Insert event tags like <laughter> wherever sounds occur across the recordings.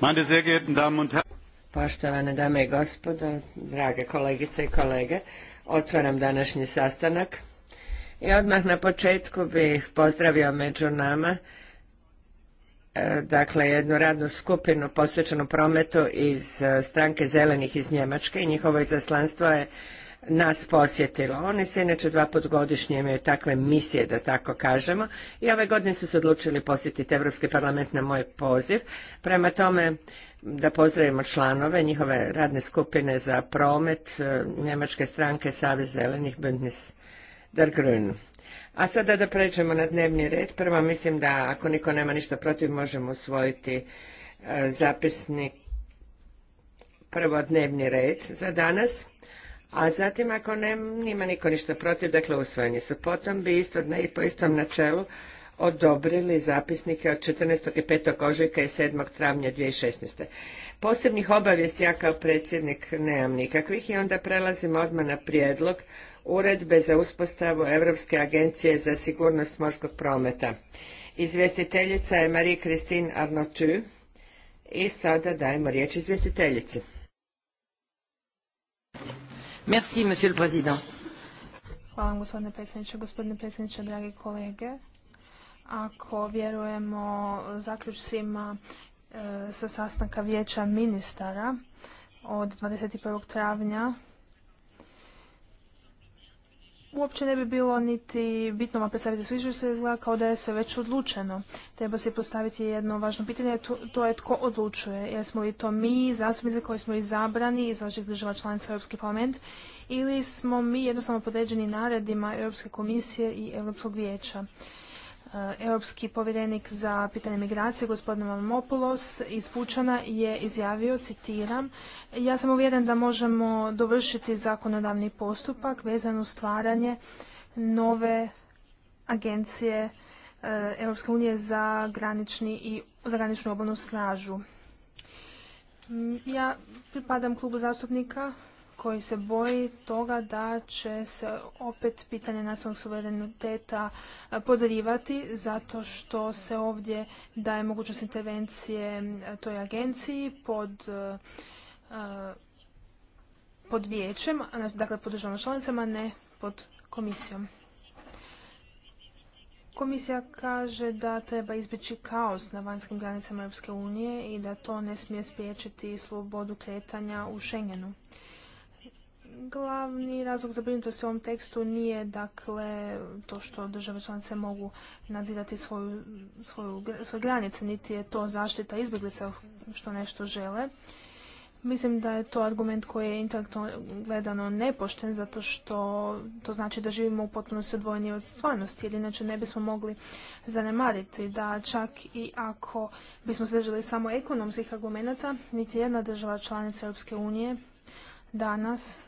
Poštovane dame i gospodo, drage kolegice i kolege, otvaram današnji sastanak i odmah na početku bih pozdravio među nama e, dakle jednu radnu skupinu posvećenu prometu iz e, stranke zelenih iz Njemačke i njihovo izaslanstvo je nas posjetilo. Oni se inače dva put godišnje imaju takve misije, da tako kažemo, i ove godine su se odlučili posjetiti Europski parlament na moj poziv. Prema tome, da pozdravimo članove njihove radne skupine za promet e, Njemačke stranke Savez zelenih Bündnis der Grün. A sada da pređemo na dnevni red. Prvo mislim da ako niko nema ništa protiv možemo usvojiti e, zapisnik prvo dnevni red za danas. A zatim ako nima niko ništa protiv, dakle usvojeni su. Potom bi isto, i po istom načelu odobrili zapisnike od 14. i 5. ožujka i 7. travnja 2016. Posebnih obavijesti ja kao predsjednik nemam nikakvih i onda prelazim odmah na prijedlog uredbe za uspostavu Europske agencije za sigurnost morskog prometa. Izvjestiteljica je Marie-Christine Arnotu i sada dajemo riječ izvjestiteljici. Hvala gospodine predsjedniče. Gospodine predsjedniče, dragi kolege, ako vjerujemo zaključcima e, sa sastanka vijeća ministara od 21. travnja uopće ne bi bilo niti bitno vam predstaviti su se izgleda kao da je sve već odlučeno. Treba se postaviti jedno važno pitanje, to, je tko odlučuje. Jesmo li to mi, zastupnici koji smo izabrani iz vaših država članica Europski parlament, ili smo mi jednostavno podređeni naredima Europske komisije i Europskog vijeća. E, Europski povjerenik za pitanje migracije, gospodin Mamopoulos iz Pučana je izjavio, citiram, ja sam uvjeren da možemo dovršiti zakonodavni postupak vezan u stvaranje nove agencije e, Europske unije za, granični i, za graničnu obalnu stražu. Ja pripadam klubu zastupnika koji se boji toga da će se opet pitanje nacionalnog suvereniteta podarivati zato što se ovdje daje mogućnost intervencije toj agenciji pod pod vijećem, dakle pod državama članicama, ne pod komisijom. Komisija kaže da treba izbjeći kaos na vanjskim granicama Europske unije i da to ne smije spriječiti slobodu kretanja u Schengenu. Glavni razlog zabrinutosti u ovom tekstu nije dakle to što države članice mogu nadzirati svoju, svoju, svoje granice, niti je to zaštita izbjeglica što nešto žele. Mislim da je to argument koji je intelektualno gledano nepošten, zato što to znači da živimo u potpunosti odvojeni od stvarnosti, jer inače ne bismo mogli zanemariti da čak i ako bismo se držali samo ekonomskih argumenata, niti jedna država članica Europske unije danas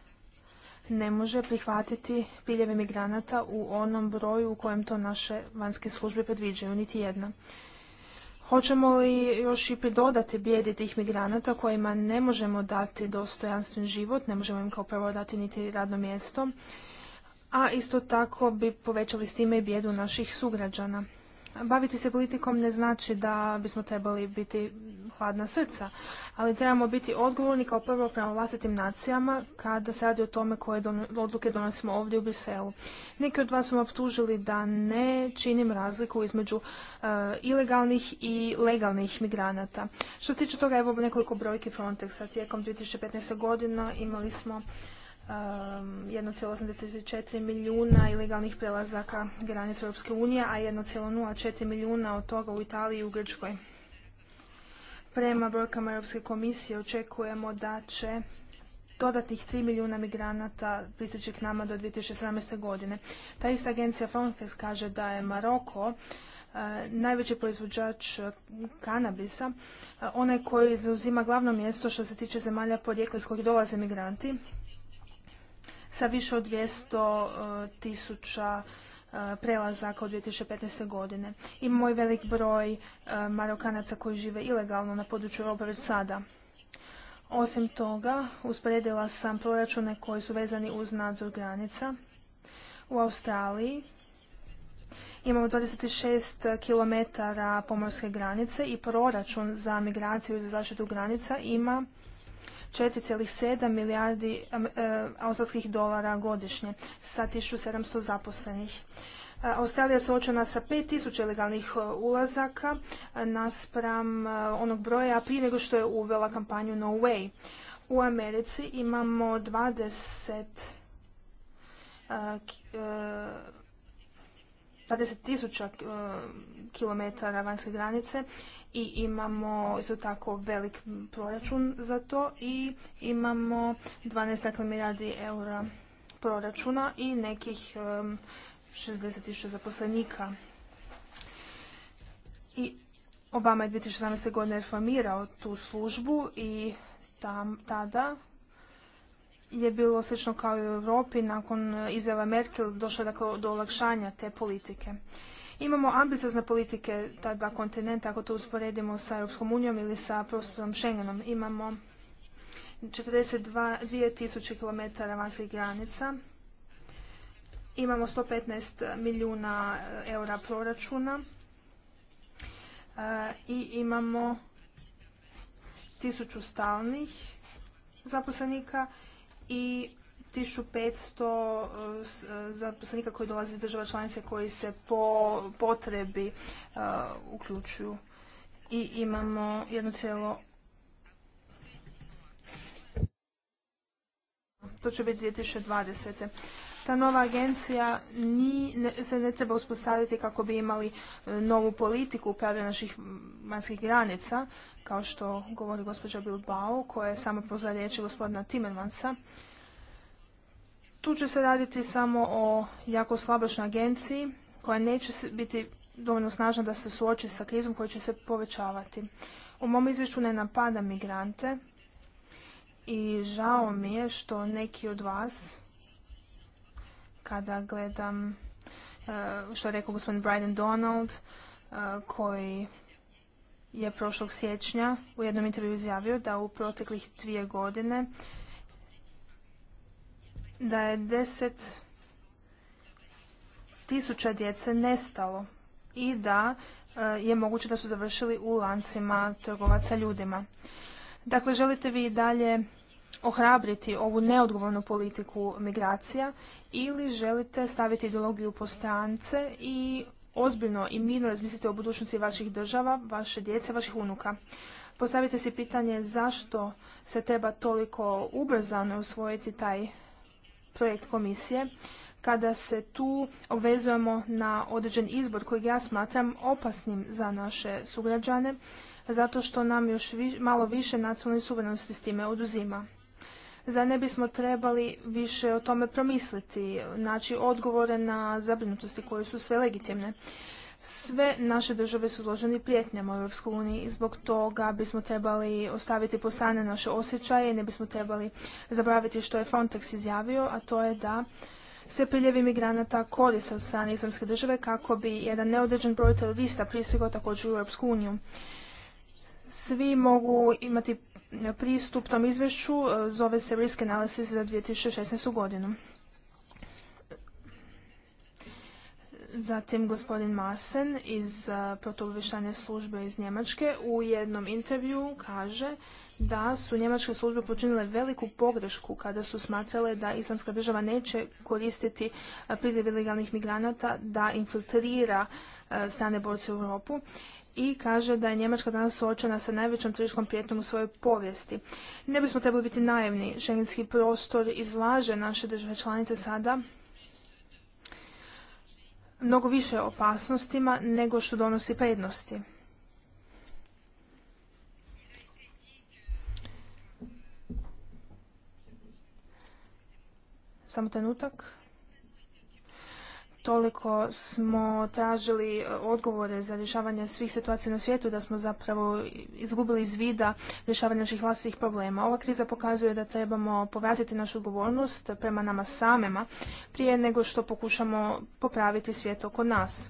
ne može prihvatiti piljeve migranata u onom broju u kojem to naše vanjske službe predviđaju, niti jedna. Hoćemo li još i pridodati bijedi tih migranata kojima ne možemo dati dostojanstven život, ne možemo im kao prvo dati niti radno mjesto, a isto tako bi povećali s time i bijedu naših sugrađana. Baviti se politikom ne znači da bismo trebali biti hladna srca, ali trebamo biti odgovorni kao prvo prema vlastitim nacijama kada se radi o tome koje odluke donosimo ovdje u Briselu. Neki od vas su me optužili da ne činim razliku između e, ilegalnih i legalnih migranata. Što se tiče toga, evo nekoliko brojki Frontexa. Tijekom 2015. godina imali smo 1,84 ehm, milijuna ilegalnih prelazaka granice Europske unije, a 1,04 milijuna od toga u Italiji i u Grčkoj. Prema brojkama Europske komisije očekujemo da će dodatnih 3 milijuna migranata pristići k nama do 2017. godine. Ta ista agencija Frontex kaže da je Maroko eh, najveći proizvođač kanabisa, eh, onaj koji zauzima glavno mjesto što se tiče zemalja porijekla iz kojih dolaze migranti, sa više od 200 e, tisuća e, prelazaka od 2015. godine. Imamo i velik broj e, Marokanaca koji žive ilegalno na području Europa već sada. Osim toga, usporedila sam proračune koji su vezani uz nadzor granica. U Australiji imamo 26 km pomorske granice i proračun za migraciju i za zaštitu granica ima 4,7 milijardi e, australskih dolara godišnje sa 1700 zaposlenih. E, Australija je suočena sa 5000 legalnih e, ulazaka naspram onog broja prije nego što je uvela kampanju No Way. U Americi imamo 20 20 tisuća kilometara vanjske granice i imamo isto tako velik proračun za to i imamo 12 dakle, milijardi eura proračuna i nekih um, 60.000 zaposlenika. I Obama je 2017. godine reformirao tu službu i tam, tada je bilo slično kao i u Europi nakon izjava Merkel došlo dakle, do olakšanja te politike. Imamo ambiciozne politike ta dva kontinenta, ako to usporedimo sa Europskom unijom ili sa prostorom Schengenom. Imamo 42 tisuće km vanjskih granica, imamo 115 milijuna eh, eura proračuna eh, i imamo tisuću stalnih zaposlenika i 1500 eh, zaposlenika koji dolaze iz država članice koji se po potrebi eh, uključuju. I imamo jedno cijelo to će biti 2020. Ta nova agencija se ne treba uspostaviti kako bi imali eh, novu politiku upravljanja naših vanjskih granica, kao što govori gospođa Bilbao, koja je samo riječi gospodina Timmermansa. Tu će se raditi samo o jako slabošnoj agenciji koja neće biti dovoljno snažna da se suoči sa krizom koja će se povećavati. U mom izvješću ne napada migrante i žao mi je što neki od vas, kada gledam e, što je rekao gospodin Bryden Donald, e, koji je prošlog siječnja u jednom intervju izjavio da u proteklih dvije godine da je deset tisuća djece nestalo i da e, je moguće da su završili u lancima trgovaca ljudima. Dakle, želite vi dalje ohrabriti ovu neodgovornu politiku migracija ili želite staviti ideologiju po strance i ozbiljno i mirno razmisliti o budućnosti vaših država, vaše djece, vaših unuka. Postavite si pitanje zašto se treba toliko ubrzano usvojiti taj projekt komisije kada se tu obvezujemo na određen izbor kojeg ja smatram opasnim za naše sugrađane zato što nam još malo više nacionalne suverenosti s time oduzima. Za ne bismo trebali više o tome promisliti, naći odgovore na zabrinutosti koje su sve legitimne sve naše države su izložene prijetnjama u EU i zbog toga bismo trebali ostaviti po strane naše osjećaje i ne bismo trebali zaboraviti što je Frontex izjavio, a to je da se priljevi migranata koriste od strane islamske države kako bi jedan neodređen broj terorista pristigao također u Europsku uniju. Svi mogu imati pristup tom izvješću, e, zove se Risk Analysis za 2016. godinu. Zatim gospodin Masen iz eh, protuobavještajne službe iz Njemačke u jednom intervju kaže da su njemačke službe počinile veliku pogrešku kada su smatrale da islamska država neće koristiti eh, priljev ilegalnih migranata da infiltrira eh, strane borce u Europu i kaže da je Njemačka danas suočena sa najvećom tržiškom prijetnjom u svojoj povijesti. Ne bismo trebali biti naivni. Šengenski prostor izlaže naše države članice sada mnogo više opasnostima nego što donosi prednosti. Samo trenutak toliko smo tražili e, odgovore za rješavanje svih situacija na svijetu da smo zapravo izgubili iz vida rješavanje naših vlastitih problema. Ova kriza pokazuje da trebamo povratiti našu odgovornost prema nama samima prije nego što pokušamo popraviti svijet oko nas.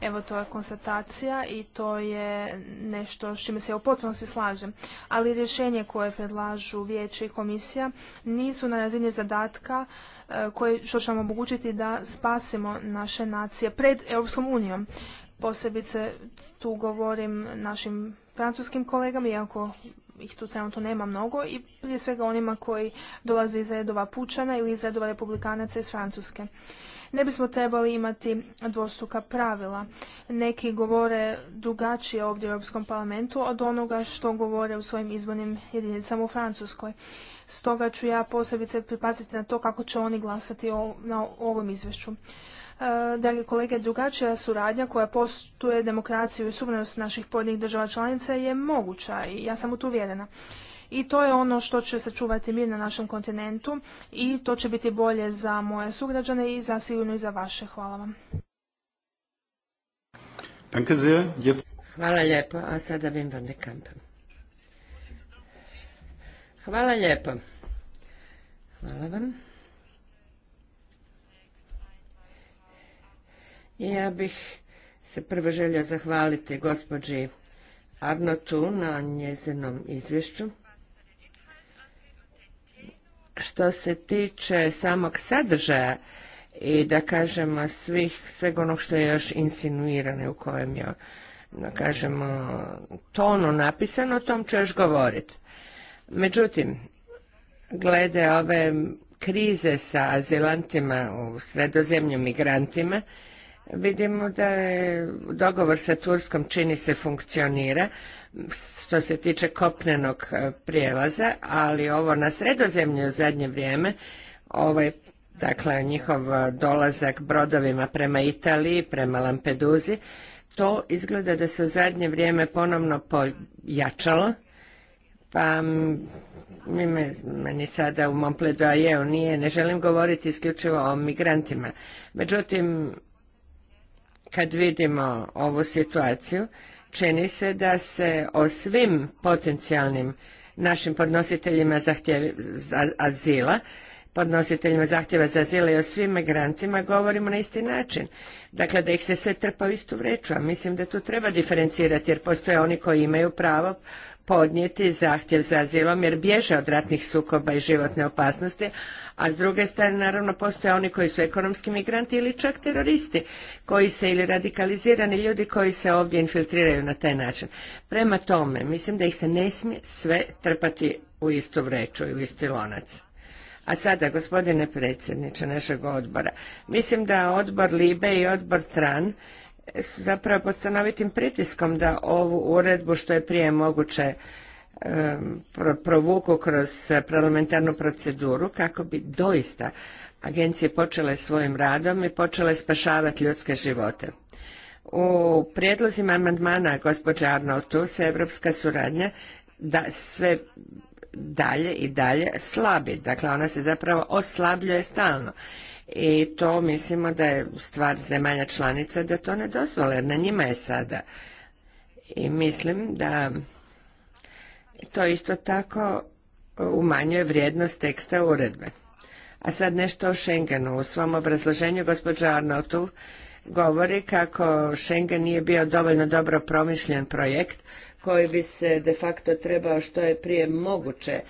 Evo to je konstatacija i to je nešto s čime se u potpunosti slažem. Ali rješenje koje predlažu vijeće i komisija nisu na razini zadatka e, koje, što ćemo omogućiti da spasimo naše nacije pred Europskom unijom. Posebice tu govorim našim francuskim kolegama, iako ih tu trenutno nema mnogo i prije svega onima koji dolaze iz redova pučana ili iz redova republikanaca iz Francuske. Ne bismo trebali imati dvostruka pravila. Neki govore drugačije ovdje u Europskom parlamentu od onoga što govore u svojim izbornim jedinicama u Francuskoj. Stoga ću ja posebice pripaziti na to kako će oni glasati o, na ovom izvješću. E, dragi kolege, drugačija suradnja koja postuje demokraciju i suverenost naših pojedinih država članica je moguća i ja sam u to uvjerena. I to je ono što će sačuvati mir na našem kontinentu i to će biti bolje za moje sugrađane i za sigurno i za vaše. Hvala vam. Hvala lijepo, a sada van de Hvala lijepo. Hvala vam. Ja bih se prvo želio zahvaliti gospođi Arnotu na njezinom izvješću. Što se tiče samog sadržaja i da kažemo svih, sveg onog što je još insinuirano u kojem je da kažemo tonu napisano, o tom ću još govoriti. Međutim, glede ove krize sa azilantima u sredozemlju migrantima, Vidimo da je dogovor sa Turskom čini se funkcionira što se tiče kopnenog e, prijelaza, ali ovo na Sredozemlje u zadnje vrijeme, ovaj, dakle njihov e, dolazak brodovima prema Italiji, prema Lampeduzi, to izgleda da se u zadnje vrijeme ponovno pojačalo, pa mi meni sada u mom pledoajeu nije, ne želim govoriti isključivo o migrantima. Međutim, kad vidimo ovu situaciju, čini se da se o svim potencijalnim našim podnositeljima azila podnositeljima zahtjeva za azil i o svim migrantima govorimo na isti način. Dakle, da ih se sve trpa u istu vreću, a mislim da tu treba diferencirati jer postoje oni koji imaju pravo podnijeti zahtjev za azilom jer bježe od ratnih sukoba i životne opasnosti, a s druge strane naravno postoje oni koji su ekonomski migranti ili čak teroristi koji se ili radikalizirani ljudi koji se ovdje infiltriraju na taj način. Prema tome, mislim da ih se ne smije sve trpati u istu vreću i u isti lonac. A sada, gospodine predsjedniče našeg odbora, mislim da odbor LIBE i odbor TRAN su zapravo pod stanovitim pritiskom da ovu uredbu što je prije moguće provuku kroz parlamentarnu proceduru kako bi doista agencije počele svojim radom i počele spašavati ljudske živote. U prijedlozima amandmana gospođa Arnautu se evropska suradnja da sve dalje i dalje slabi. Dakle, ona se zapravo oslabljuje stalno. I to mislimo da je stvar zemalja članica da to ne dozvole, jer na njima je sada. I mislim da to isto tako umanjuje vrijednost teksta uredbe. A sad nešto o Schengenu. U svom obrazloženju gospođa Arnotu govori kako Schengen nije bio dovoljno dobro promišljen projekt koji bi se de facto trebao što je prije moguće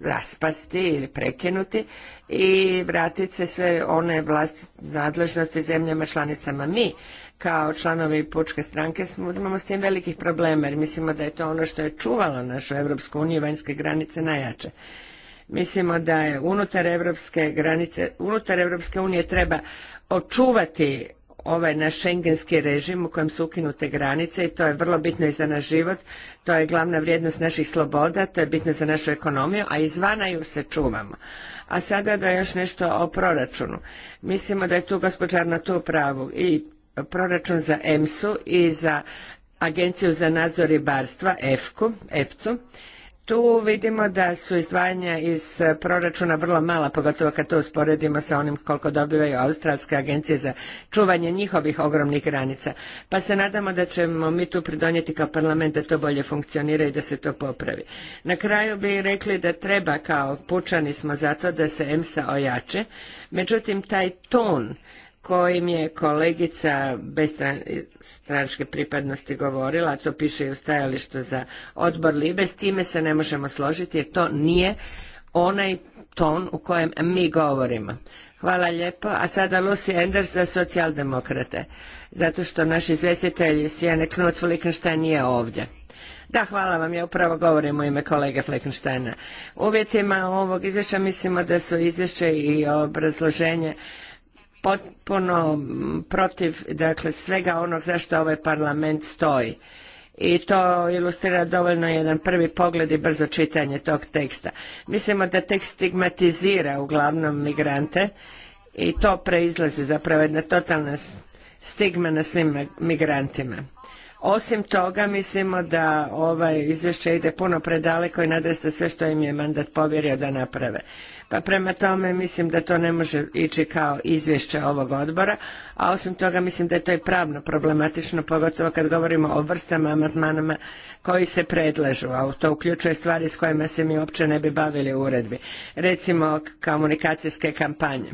raspasti ili prekinuti i vratiti se sve one vlast nadležnosti zemljama članicama. Mi kao članovi pučke stranke imamo s tim velikih problema jer mislimo da je to ono što je čuvalo našu Europsku uniju vanjske granice najjače. Mislimo da je unutar Europske granice, unutar Europske unije treba očuvati ovaj naš šengenski režim u kojem su ukinute granice i to je vrlo bitno i za naš život, to je glavna vrijednost naših sloboda, to je bitno za našu ekonomiju, a izvana ju se čuvamo. A sada da još nešto o proračunu. Mislimo da je tu na tu pravu i proračun za EMSU i za Agenciju za nadzor ribarstva EFCU, tu vidimo da su izdvajanja iz eh, proračuna vrlo mala, pogotovo kad to usporedimo sa onim koliko dobivaju australske agencije za čuvanje njihovih ogromnih granica. Pa se nadamo da ćemo mi tu pridonijeti kao parlament da to bolje funkcionira i da se to popravi. Na kraju bi rekli da treba, kao pučani smo za to da se EMSA ojače, međutim taj ton kojim je kolegica bez stranačke pripadnosti govorila, a to piše i u stajalištu za odbor Libe, s time se ne možemo složiti jer to nije onaj ton u kojem mi govorimo. Hvala lijepo. A sada Lucy Enders za socijaldemokrate, zato što naš izvjestitelj Sjene Knut Flickenstein nije ovdje. Da, hvala vam, ja upravo govorim u ime kolege Fleckensteina. Uvjetima ovog izvješća mislimo da su izvješće i obrazloženje potpuno protiv dakle, svega onog zašto ovaj parlament stoji. I to ilustrira dovoljno jedan prvi pogled i brzo čitanje tog teksta. Mislimo da tekst stigmatizira uglavnom migrante i to preizlazi zapravo jedna totalna stigma na svim migrantima. Osim toga, mislimo da ovaj izvješće ide puno predaleko i nadresta sve što im je mandat povjerio da naprave pa prema tome mislim da to ne može ići kao izvješće ovog odbora, a osim toga mislim da je to i pravno problematično, pogotovo kad govorimo o vrstama amandmanama koji se predlažu, a to uključuje stvari s kojima se mi uopće ne bi bavili u uredbi, recimo komunikacijske kampanje.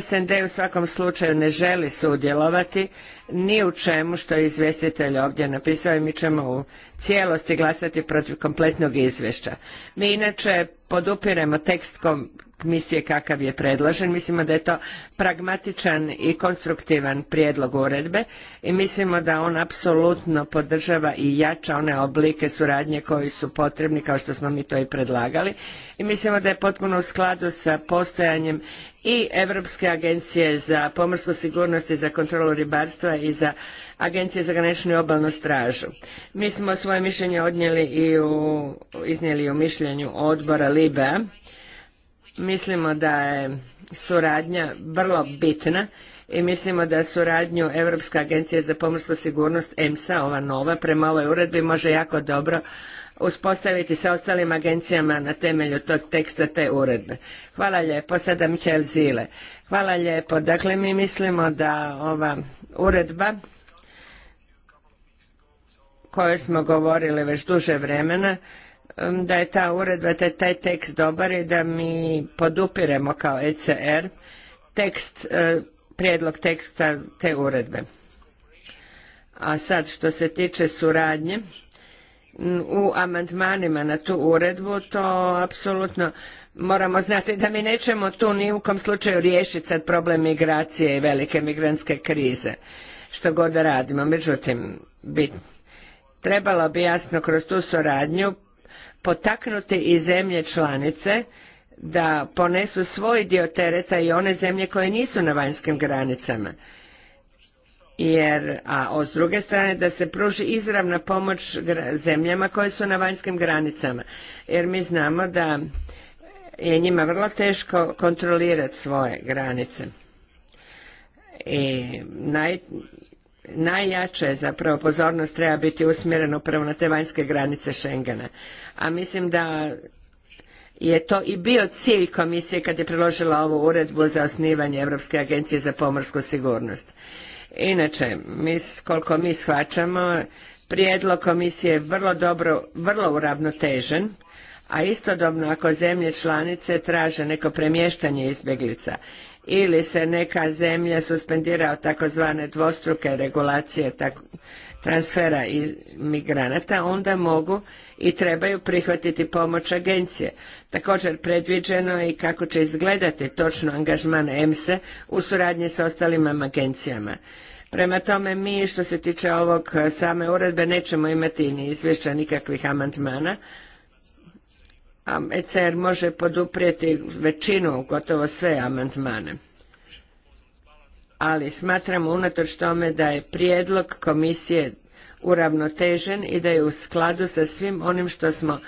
SND u svakom slučaju ne želi sudjelovati ni u čemu što je izvjestitelj ovdje napisao i mi ćemo u cijelosti glasati protiv kompletnog izvješća. Mi inače podupiremo tekst misije kakav je predložen. Mislimo da je to pragmatičan i konstruktivan prijedlog uredbe i mislimo da on apsolutno podržava i jača one oblike suradnje koji su potrebni kao što smo mi to i predlagali i mislimo da je potpuno u skladu sa postojanjem i Europske agencije za pomorsku sigurnost i za kontrolu ribarstva i za Agencije za graničnu obalnu stražu. Mi smo svoje mišljenje odnijeli i u, iznijeli u mišljenju odbora LIBE Mislimo da je suradnja vrlo bitna i mislimo da suradnju Europska agencija za pomorsku sigurnost EMSA, ova nova, prema ovoj uredbi može jako dobro uspostaviti sa ostalim agencijama na temelju tog teksta te uredbe. Hvala lijepo, sada Mičel Zile. Hvala lijepo, dakle mi mislimo da ova uredba kojoj smo govorili već duže vremena da je ta uredba, da je taj tekst dobar i da mi podupiremo kao ECR tekst, e, prijedlog teksta te uredbe. A sad što se tiče suradnje, u amandmanima na tu uredbu, to apsolutno moramo znati da mi nećemo tu ni u kom slučaju riješiti sad problem migracije i velike migrantske krize, što god da radimo. Međutim, trebalo bi jasno kroz tu suradnju potaknuti i zemlje članice da ponesu svoj dio tereta i one zemlje koje nisu na vanjskim granicama. Jer, a s druge strane da se pruži izravna pomoć zemljama koje su na vanjskim granicama. Jer mi znamo da je njima vrlo teško kontrolirati svoje granice. I naj, najjače zapravo pozornost treba biti usmjerena upravo na te vanjske granice Schengena. A mislim da je to i bio cilj komisije kad je priložila ovu uredbu za osnivanje Europske agencije za pomorsku sigurnost. Inače, mi, koliko mi shvaćamo, prijedlog komisije je vrlo dobro, vrlo uravnotežen, a istodobno ako zemlje članice traže neko premještanje izbjeglica ili se neka zemlja suspendira od takozvane dvostruke regulacije transfera i migranata, onda mogu i trebaju prihvatiti pomoć agencije. Također predviđeno je i kako će izgledati točno angažman EMSE u suradnji s ostalim agencijama. Prema tome mi što se tiče ovog same uredbe nećemo imati ni izvješća nikakvih amandmana, ECR može poduprijeti većinu, gotovo sve amandmane. Ali smatramo unatoč tome da je prijedlog komisije uravnotežen i da je u skladu sa svim onim što smo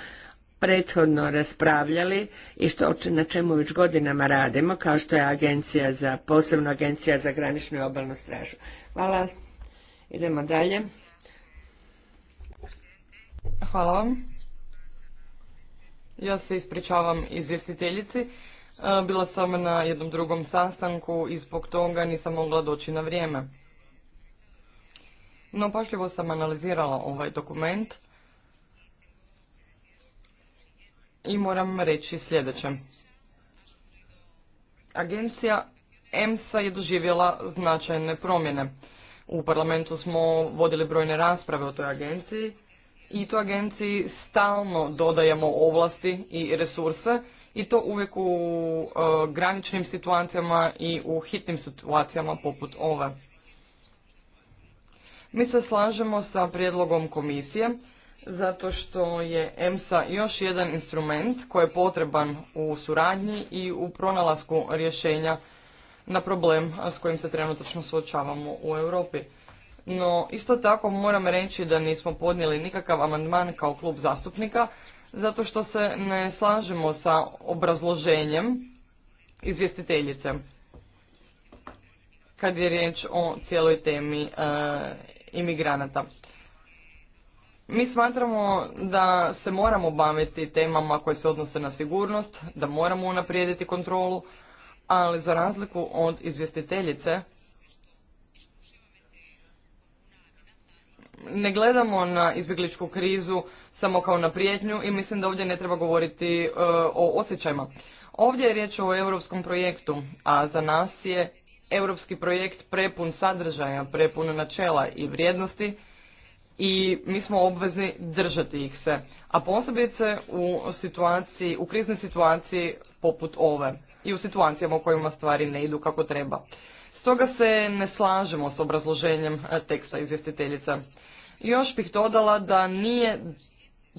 prethodno raspravljali i na čemu već godinama radimo, kao što je agencija za, posebno agencija za graničnu i obalnu stražu. Hvala. Idemo dalje. Hvala vam. Ja se ispričavam izvjestiteljici. E, bila sam na jednom drugom sastanku i zbog toga nisam mogla doći na vrijeme. No, pašljivo sam analizirala ovaj dokument i moram reći sljedeće. Agencija EMSA je doživjela značajne promjene. U parlamentu smo vodili brojne rasprave o toj agenciji i to agenciji stalno dodajemo ovlasti i resurse i to uvijek u e, graničnim situacijama i u hitnim situacijama poput ove. Mi se slažemo sa prijedlogom komisije zato što je EMSA još jedan instrument koji je potreban u suradnji i u pronalasku rješenja na problem s kojim se trenutačno suočavamo u Europi. No, isto tako moram reći da nismo podnijeli nikakav amandman kao klub zastupnika, zato što se ne slažemo sa obrazloženjem izvjestiteljice kad je riječ o cijeloj temi e, imigranata. Mi smatramo da se moramo baviti temama koje se odnose na sigurnost, da moramo unaprijediti kontrolu, ali za razliku od izvjestiteljice ne gledamo na izbjegličku krizu samo kao na prijetnju i mislim da ovdje ne treba govoriti e, o osjećajima. Ovdje je riječ o europskom projektu, a za nas je europski projekt prepun sadržaja, prepun načela i vrijednosti i mi smo obvezni držati ih se, a posebice u situaciji, u kriznoj situaciji poput ove i u situacijama u kojima stvari ne idu kako treba. Stoga se ne slažemo s obrazloženjem e, teksta izvjestiteljica. Još bih dodala da nije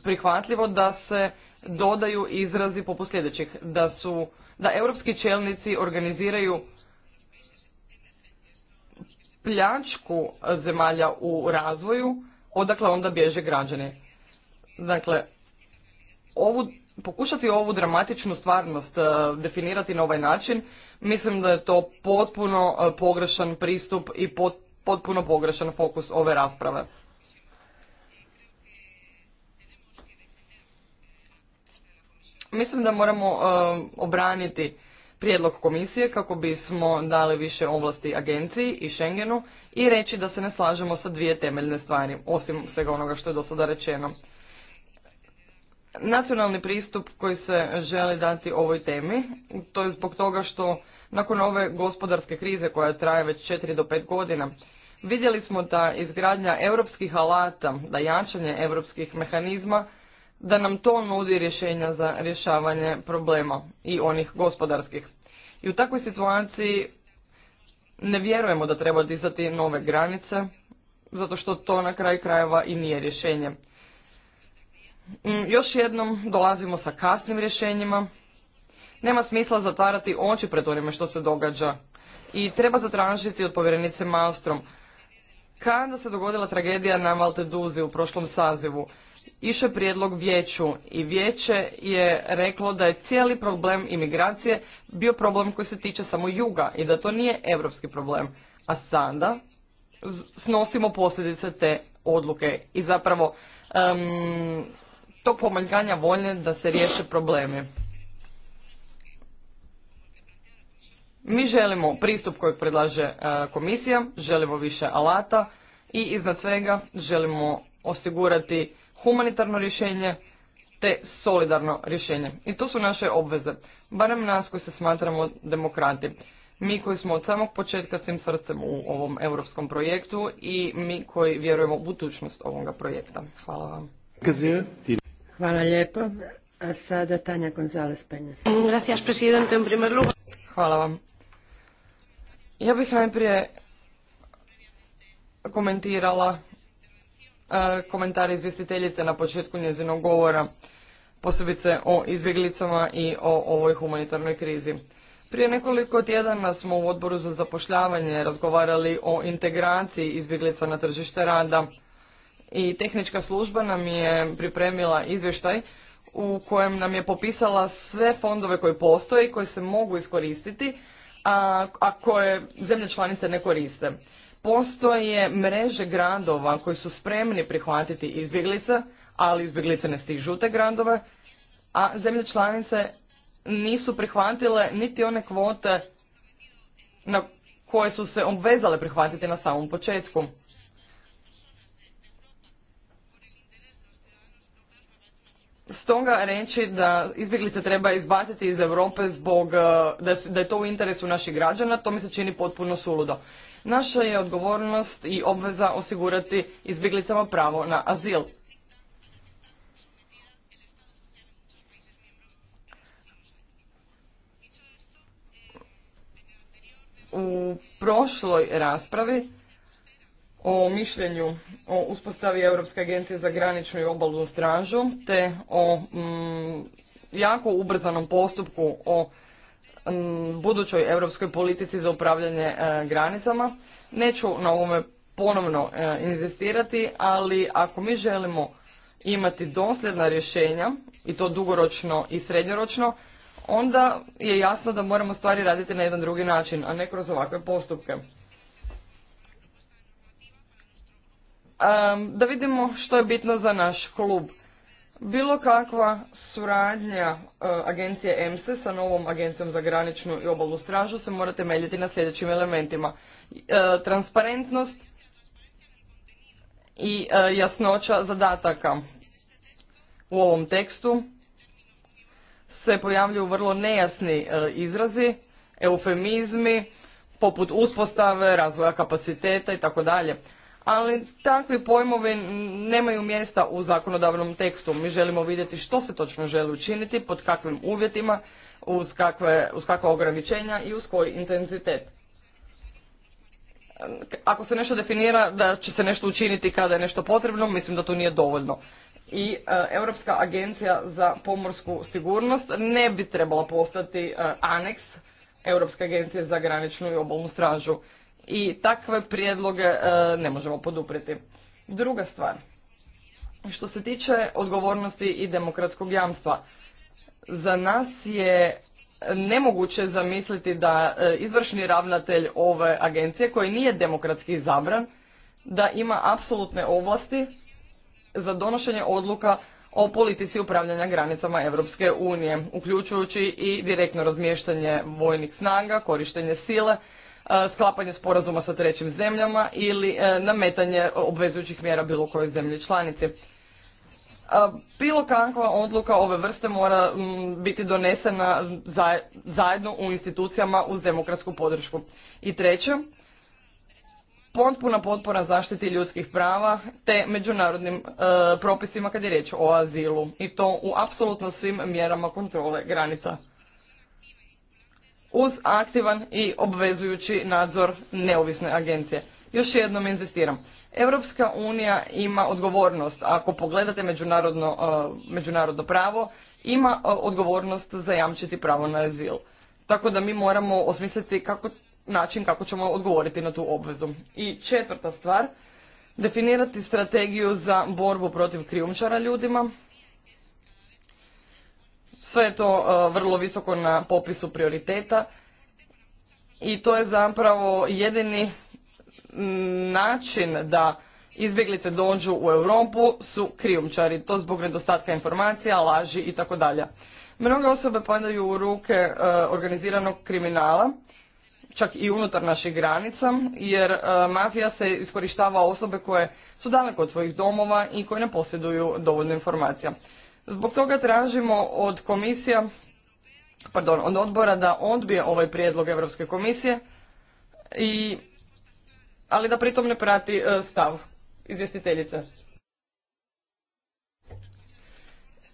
prihvatljivo da se dodaju izrazi poput sljedećih, da su da europski čelnici organiziraju pljačku zemalja u razvoju, odakle onda bježe građani. Dakle, ovu pokušati ovu dramatičnu stvarnost e, definirati na ovaj način, mislim da je to potpuno e, pogrešan pristup i potpuno pogrešan fokus ove rasprave. Mislim da moramo e, obraniti prijedlog komisije kako bismo dali više ovlasti agenciji i Schengenu i reći da se ne slažemo sa dvije temeljne stvari, osim svega onoga što je do sada rečeno nacionalni pristup koji se želi dati ovoj temi, to je zbog toga što nakon ove gospodarske krize koja traje već 4 do 5 godina, vidjeli smo da izgradnja europskih alata, da jačanje europskih mehanizma, da nam to nudi rješenja za rješavanje problema i onih gospodarskih. I u takvoj situaciji ne vjerujemo da treba dizati nove granice, zato što to na kraj krajeva i nije rješenje. Mm, još jednom dolazimo sa kasnim rješenjima. Nema smisla zatvarati oči pred onime što se događa. I treba zatražiti od povjerenice Malstrom kada se dogodila tragedija na Malteduzi u prošlom sazivu, išao je prijedlog vijeću i vijeće je reklo da je cijeli problem imigracije bio problem koji se tiče samo juga i da to nije europski problem. A sada snosimo posljedice te odluke i zapravo to pomanjkanja volje da se riješe problemi. Mi želimo pristup kojeg predlaže e, komisija, želimo više alata i iznad svega želimo osigurati humanitarno rješenje te solidarno rješenje. I to su naše obveze, barem nas koji se smatramo demokrati. Mi koji smo od samog početka svim srcem u ovom europskom projektu i mi koji vjerujemo u budućnost ovoga projekta. Hvala vam. Hvala lijepo. sada Tanja Hvala vam. Ja bih najprije komentirala e, komentar izvjestiteljice na početku njezinog govora, posebice o izbjeglicama i o ovoj humanitarnoj krizi. Prije nekoliko tjedana smo u odboru za zapošljavanje razgovarali o integraciji izbjeglica na tržište rada i tehnička služba nam je pripremila izvještaj u kojem nam je popisala sve fondove koji postoje i koji se mogu iskoristiti, a, koje zemlje članice ne koriste. Postoje mreže gradova koji su spremni prihvatiti izbjeglice, ali izbjeglice ne stižu te gradove, a zemlje članice nisu prihvatile niti one kvote na koje su se obvezale prihvatiti na samom početku. Stoga reći da izbjeglice treba izbaciti iz Europe zbog e, da, da je to u interesu naših građana, to mi se čini potpuno suludo. Naša je odgovornost i obveza osigurati izbjeglicama pravo na azil. U prošloj raspravi o mišljenju o uspostavi Europske agencije za graničnu i obalnu stražu te o mm, jako ubrzanom postupku o mm, budućoj europskoj politici za upravljanje e, granicama. Neću na ovome ponovno e, inzistirati, ali ako mi želimo imati dosljedna rješenja i to dugoročno i srednjoročno, onda je jasno da moramo stvari raditi na jedan drugi način, a ne kroz ovakve postupke. da vidimo što je bitno za naš klub. Bilo kakva suradnja e, agencije EMSE sa novom agencijom za graničnu i obalnu stražu se morate temeljiti na sljedećim elementima. E, transparentnost i e, jasnoća zadataka. U ovom tekstu se pojavljuju vrlo nejasni izrazi, eufemizmi, poput uspostave, razvoja kapaciteta i tako dalje ali takvi pojmovi nemaju mjesta u zakonodavnom tekstu. Mi želimo vidjeti što se točno želi učiniti, pod kakvim uvjetima, uz, kakve, uz kakva ograničenja i uz koji intenzitet. Ako se nešto definira da će se nešto učiniti kada je nešto potrebno, mislim da to nije dovoljno. I e, Europska agencija za pomorsku sigurnost ne bi trebala postati e, aneks Europske agencije za graničnu i obalnu stražu i takve prijedloge e, ne možemo poduprijeti. Druga stvar, što se tiče odgovornosti i demokratskog jamstva, za nas je nemoguće zamisliti da e, izvršni ravnatelj ove agencije koji nije demokratski izabran, da ima apsolutne ovlasti za donošenje odluka o politici upravljanja granicama Europske unije, uključujući i direktno razmještanje vojnih snaga, korištenje sile, E, sklapanje sporazuma sa trećim zemljama ili e, nametanje obvezujućih mjera bilo kojoj zemlji članici. E, bilo kakva odluka ove vrste mora biti donesena zajedno u institucijama uz demokratsku podršku. I treće, potpuna potpora zaštiti ljudskih prava te međunarodnim propisima kad je riječ o azilu i to u apsolutno svim mjerama kontrole granica uz aktivan i obvezujući nadzor neovisne agencije. Još jednom inzistiram. Europska unija ima odgovornost, ako pogledate međunarodno, e, pravo, ima e, odgovornost zajamčiti pravo na azil. Tako da mi moramo osmisliti kako, način kako ćemo odgovoriti na tu obvezu. I četvrta stvar, definirati strategiju za borbu protiv krijumčara ljudima, sve je to e, vrlo visoko na popisu prioriteta i to je zapravo jedini način da izbjeglice dođu u Europu su krijumčari. To zbog nedostatka informacija, laži i tako dalje. Mnoge osobe padaju u ruke e, organiziranog kriminala, čak i unutar naših granica, jer e, mafija se iskorištava osobe koje su daleko od svojih domova i koje ne posjeduju dovoljno informacija. Zbog toga tražimo od komisija, pardon, od odbora da odbije ovaj prijedlog Europske komisije, i, ali da pritom ne prati e, stav izvjestiteljice.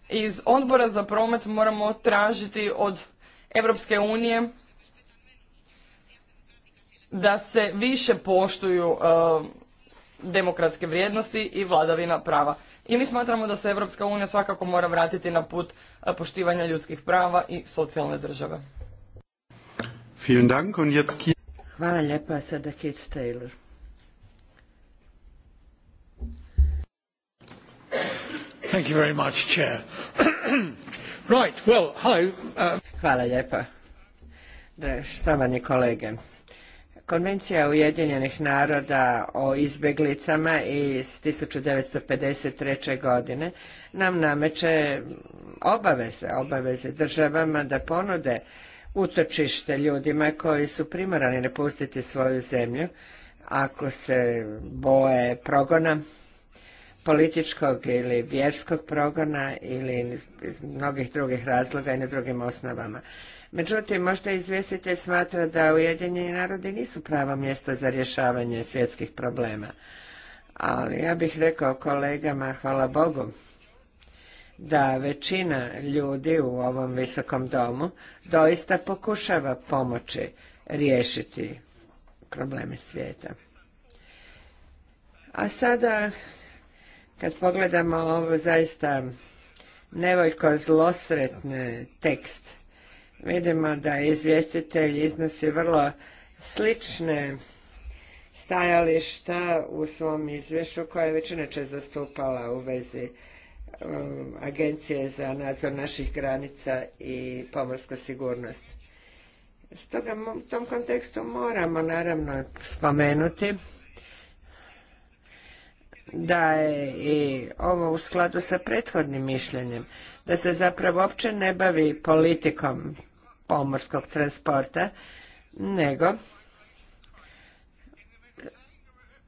Iz odbora za promet moramo tražiti od Europske unije da se više poštuju e, demokratske vrijednosti i vladavina prava. I mi smatramo da se Europska unija svakako mora vratiti na put e, poštivanja ljudskih prava i socijalne države. Hvala lijepa, sada Kate Taylor. Thank you very much, Chair. right, uh, Hvala lijepa, kolege. Konvencija Ujedinjenih naroda o izbjeglicama iz 1953. godine nam nameće obaveze, obaveze državama da ponude utočište ljudima koji su primorani napustiti svoju zemlju ako se boje progona političkog ili vjerskog progona ili iz mnogih drugih razloga i na drugim osnovama. Međutim, možda izvjestitelj smatra da Ujedinjeni narodi nisu pravo mjesto za rješavanje svjetskih problema. Ali ja bih rekao kolegama, hvala Bogu, da većina ljudi u ovom visokom domu doista pokušava pomoći riješiti probleme svijeta. A sada, kad pogledamo ovo zaista nevoljko zlosretne tekst Vidimo da izvjestitelj iznosi vrlo slične stajališta u svom izvješću koje je već inače zastupala u vezi um, Agencije za nadzor naših granica i pomorsku sigurnost. Stoga u tom kontekstu moramo naravno spomenuti da je i ovo u skladu sa prethodnim mišljenjem, da se zapravo uopće ne bavi politikom pomorskog transporta, nego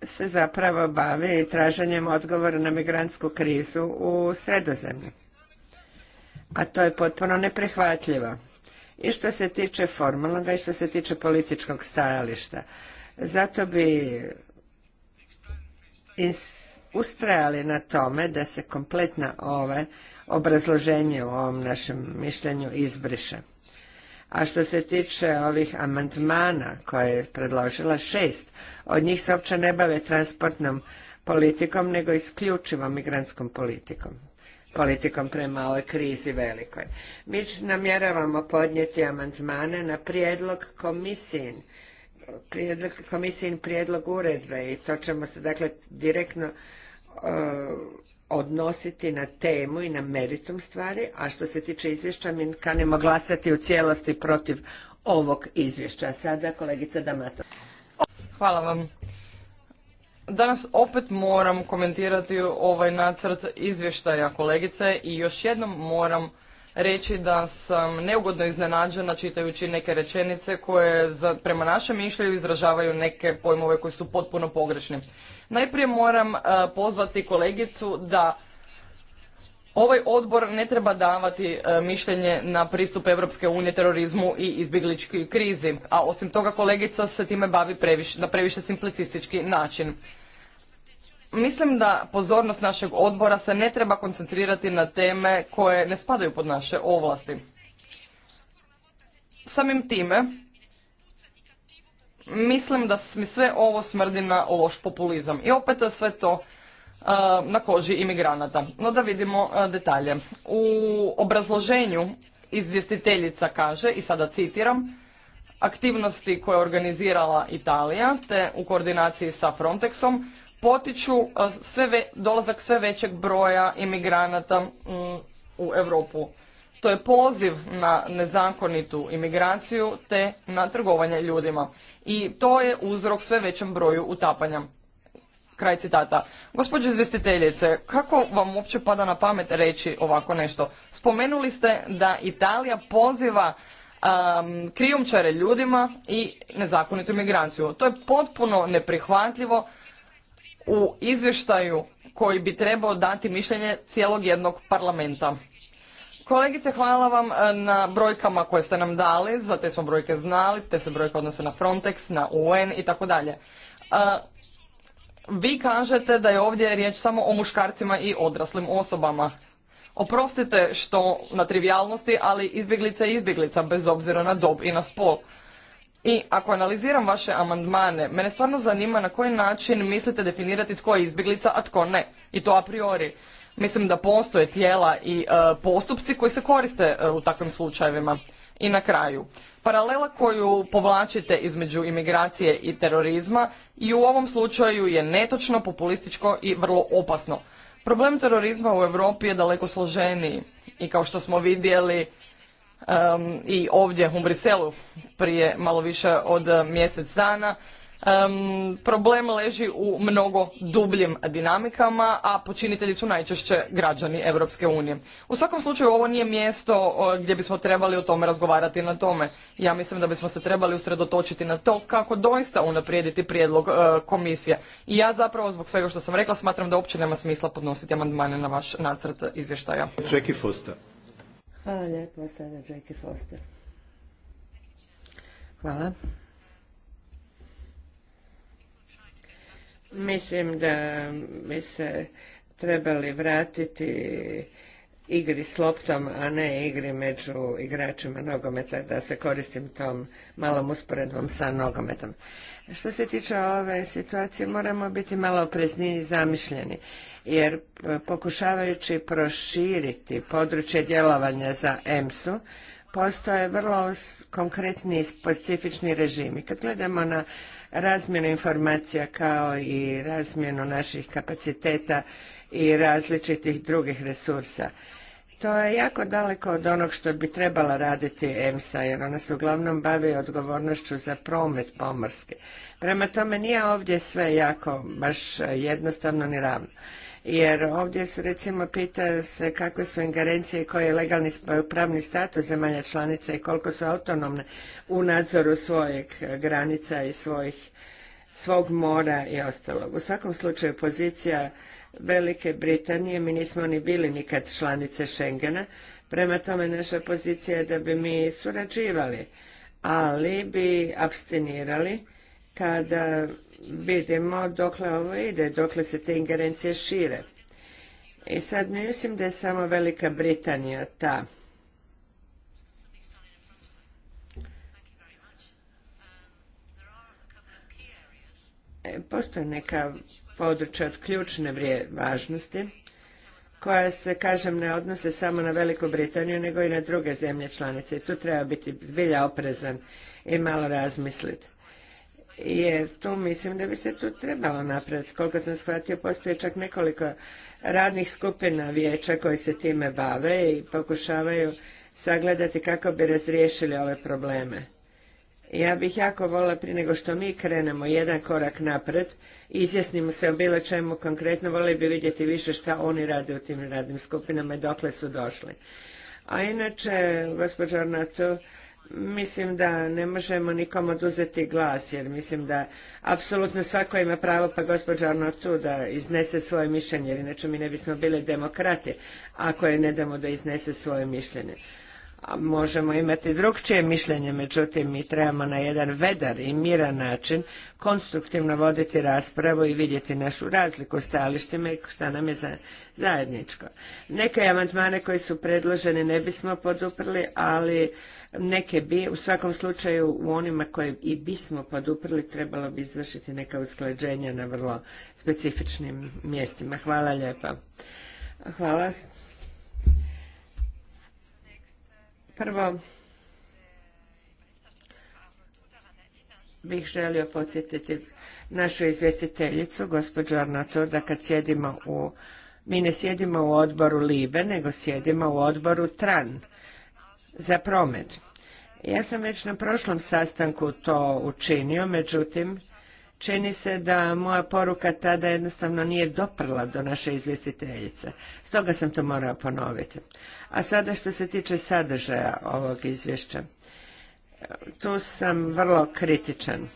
se zapravo bavi traženjem odgovora na migrantsku krizu u sredozemlju. A to je potpuno neprihvatljivo. I što se tiče formalnog i što se tiče političkog stajališta. Zato bi ustrajali na tome da se kompletna ove obrazloženje u ovom našem mišljenju izbriše. A što se tiče ovih amandmana koje je predložila, šest, od njih se uopće ne bave transportnom politikom, nego isključivo migrantskom politikom politikom prema ovoj krizi velikoj. Mi namjeravamo podnijeti amandmane na prijedlog komisijin prijedlog, komisijin prijedlog uredbe i to ćemo se dakle direktno odnositi na temu i na meritum stvari, a što se tiče izvješća mi kanimo glasati u cijelosti protiv ovog izvješća. Sada kolegica Damato. Hvala vam. Danas opet moram komentirati ovaj nacrt izvještaja kolegice i još jednom moram reći da sam neugodno iznenađena čitajući neke rečenice koje za, prema našem mišljenju izražavaju neke pojmove koji su potpuno pogrešni. Najprije moram e, pozvati kolegicu da ovaj odbor ne treba davati e, mišljenje na pristup Europske unije terorizmu i izbjegličkoj krizi, a osim toga kolegica se time bavi na previše simplicistički način. Mislim da pozornost našeg odbora se ne treba koncentrirati na teme koje ne spadaju pod naše ovlasti. Samim time, mislim da mi sve ovo smrdi na loš populizam. I opet sve to e, na koži imigranata. No da vidimo e, detalje. U obrazloženju izvjestiteljica kaže, i sada citiram, aktivnosti koje je organizirala Italija, te u koordinaciji sa Frontexom, potiču sve dolazak sve većeg broja imigranata mm, u Europu. To je poziv na nezakonitu imigraciju te na trgovanje ljudima. I to je uzrok sve većem broju utapanja. Kraj citata. Gospođo izvjestiteljice, kako vam uopće pada na pamet reći ovako nešto? Spomenuli ste da Italija poziva krijumčare ljudima i nezakonitu imigraciju. To je potpuno neprihvatljivo u izvještaju koji bi trebao dati mišljenje cijelog jednog parlamenta. Kolegice, hvala vam e, na brojkama koje ste nam dali, za te smo brojke znali, te se brojke odnose na Frontex, na UN i tako dalje. E, vi kažete da je ovdje riječ samo o muškarcima i odraslim osobama. Oprostite što na trivialnosti, ali izbjeglica je izbjeglica bez obzira na dob i na spol. I ako analiziram vaše amandmane, mene stvarno zanima na koji način mislite definirati tko je izbjeglica, a tko ne. I to a priori. Mislim da postoje tijela i e, postupci koji se koriste e, u takvim slučajevima. I na kraju, paralela koju povlačite između imigracije i terorizma i u ovom slučaju je netočno, populističko i vrlo opasno. Problem terorizma u Europi je daleko složeniji i kao što smo vidjeli i ovdje u Briselu prije malo više od mjesec dana, problem leži u mnogo dubljim dinamikama, a počinitelji su najčešće građani Europske unije. U svakom slučaju ovo nije mjesto gdje bismo trebali o tome razgovarati na tome. Ja mislim da bismo se trebali usredotočiti na to kako doista unaprijediti prijedlog e, komisije. I ja zapravo zbog svega što sam rekla smatram da uopće nema smisla podnositi amandmane na vaš nacrt izvještaja. Hvala lijepo, sada Jackie Foster. Hvala. Mislim da bi se trebali vratiti igri s loptom, a ne igri među igračima nogometa, da se koristim tom malom usporedbom sa nogometom. Što se tiče ove situacije, moramo biti malo oprezniji i zamišljeni, jer pokušavajući proširiti područje djelovanja za EMSU, postoje vrlo konkretni i specifični režimi. Kad gledamo na razmjenu informacija kao i razmjenu naših kapaciteta i različitih drugih resursa. To je jako daleko od onog što bi trebala raditi EMSA, jer ona se uglavnom bavi odgovornošću za promet pomorske. Prema tome nije ovdje sve jako baš jednostavno ni ravno. Jer ovdje su recimo pita se kakve su ingerencije i koji je legalni pravni status zemalja članica i koliko su autonomne u nadzoru svojeg granica i svojih, svog mora i ostalog. U svakom slučaju pozicija Velike Britanije, mi nismo ni bili nikad članice Schengena, prema tome naša pozicija je da bi mi surađivali, ali bi abstinirali kada vidimo dokle ovo ide, dokle se te ingerencije šire. I sad mislim da je samo Velika Britanija ta e, postoje neka područja od ključne važnosti koja se, kažem, ne odnose samo na Veliku Britaniju, nego i na druge zemlje članice. I tu treba biti zbilja oprezan i malo razmisliti. Jer tu mislim da bi se tu trebalo napraviti. Koliko sam shvatio, postoji čak nekoliko radnih skupina vijeća koji se time bave i pokušavaju sagledati kako bi razriješili ove probleme. Ja bih jako volila prije nego što mi krenemo jedan korak napred, izjasnimo se o bilo čemu konkretno, volili bi vidjeti više šta oni rade u tim radnim skupinama i dokle su došli. A inače, gospođo Arnato, mislim da ne možemo nikom oduzeti glas, jer mislim da apsolutno svako ima pravo, pa gospođa Arnato, da iznese svoje mišljenje, jer inače mi ne bismo bili demokrati ako je ne damo da iznese svoje mišljenje možemo imati drugčije mišljenje, međutim mi trebamo na jedan vedar i miran način konstruktivno voditi raspravu i vidjeti našu razliku stajalištima i šta nam je zajedničko. Neke amandmane koji su predložene ne bismo poduprli, ali neke bi, u svakom slučaju u onima koje i bismo poduprli trebalo bi izvršiti neka usklađenja na vrlo specifičnim mjestima. Hvala lijepa. Hvala. Prvo bih želio podsjetiti našu izvjestiteljicu, gospođu Arnato, da kad sjedimo u, mi ne sjedimo u odboru Libe, nego sjedimo u odboru Tran za promet. Ja sam već na prošlom sastanku to učinio, međutim, čini se da moja poruka tada jednostavno nije doprla do naše izvjestiteljice. Stoga sam to morala ponoviti. A sada što se tiče sadržaja ovog izvješća, tu sam vrlo kritičan.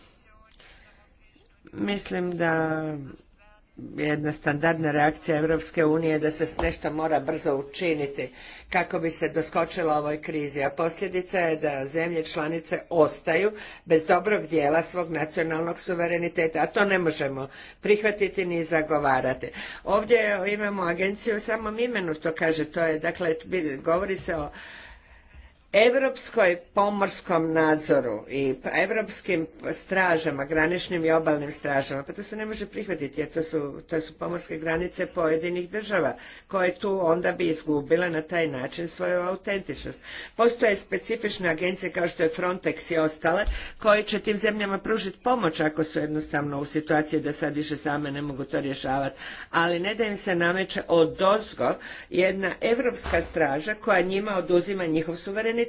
Mislim da jedna standardna reakcija Europske unije da se nešto mora brzo učiniti kako bi se doskočilo ovoj krizi, a posljedica je da zemlje članice ostaju bez dobrog dijela svog nacionalnog suvereniteta, a to ne možemo prihvatiti ni zagovarati. Ovdje imamo agenciju u samom imenu, to kaže, to je, dakle, govori se o Europskoj pomorskom nadzoru i europskim stražama, graničnim i obalnim stražama, pa to se ne može prihvatiti jer to su, pomorske granice pojedinih država koje tu onda bi izgubile na taj način svoju autentičnost. Postoje specifične agencije kao što je Frontex i ostale koje će tim zemljama pružiti pomoć ako su jednostavno u situaciji da sad više same ne mogu to rješavati, ali ne da im se nameće od dozgo jedna europska straža koja njima oduzima njihov suverenitet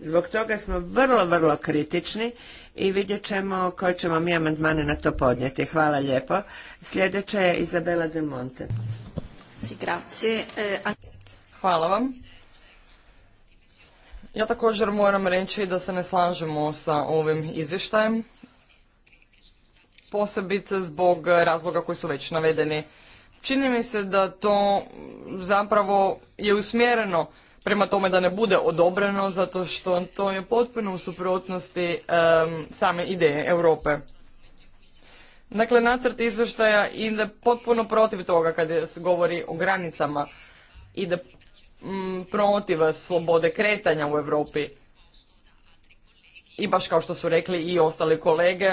Zbog toga smo vrlo, vrlo kritični i vidjet ćemo koje ćemo mi amandmane na to podnijeti. Hvala lijepo. Sljedeća je Izabela De Monte. E, Hvala vam. Ja također moram reći da se ne slažemo sa ovim izvještajem, posebice zbog razloga koji su već navedeni. Čini mi se da to zapravo je usmjereno prema tome da ne bude odobreno zato što to je potpuno u suprotnosti same ideje Europe. Dakle, nacrt izvještaja ide potpuno protiv toga kad se govori o granicama, ide da mm, protiv slobode kretanja u Europi. I baš kao što su rekli i ostali kolege,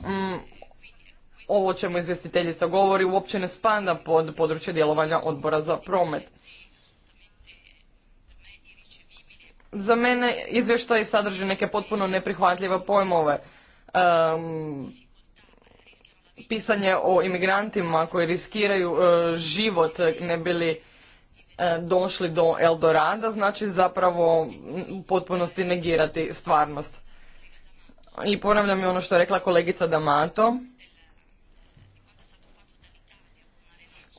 mm, ovo o čemu izvjestiteljica govori uopće ne spada pod područje djelovanja odbora za promet. Za mene izvještaj sadrži neke potpuno neprihvatljive pojmove. pisanje o imigrantima koji riskiraju e, život ne bili e, došli do Eldorada, znači zapravo u potpunosti negirati stvarnost. I ponavljam i ono što je rekla kolegica D'Amato.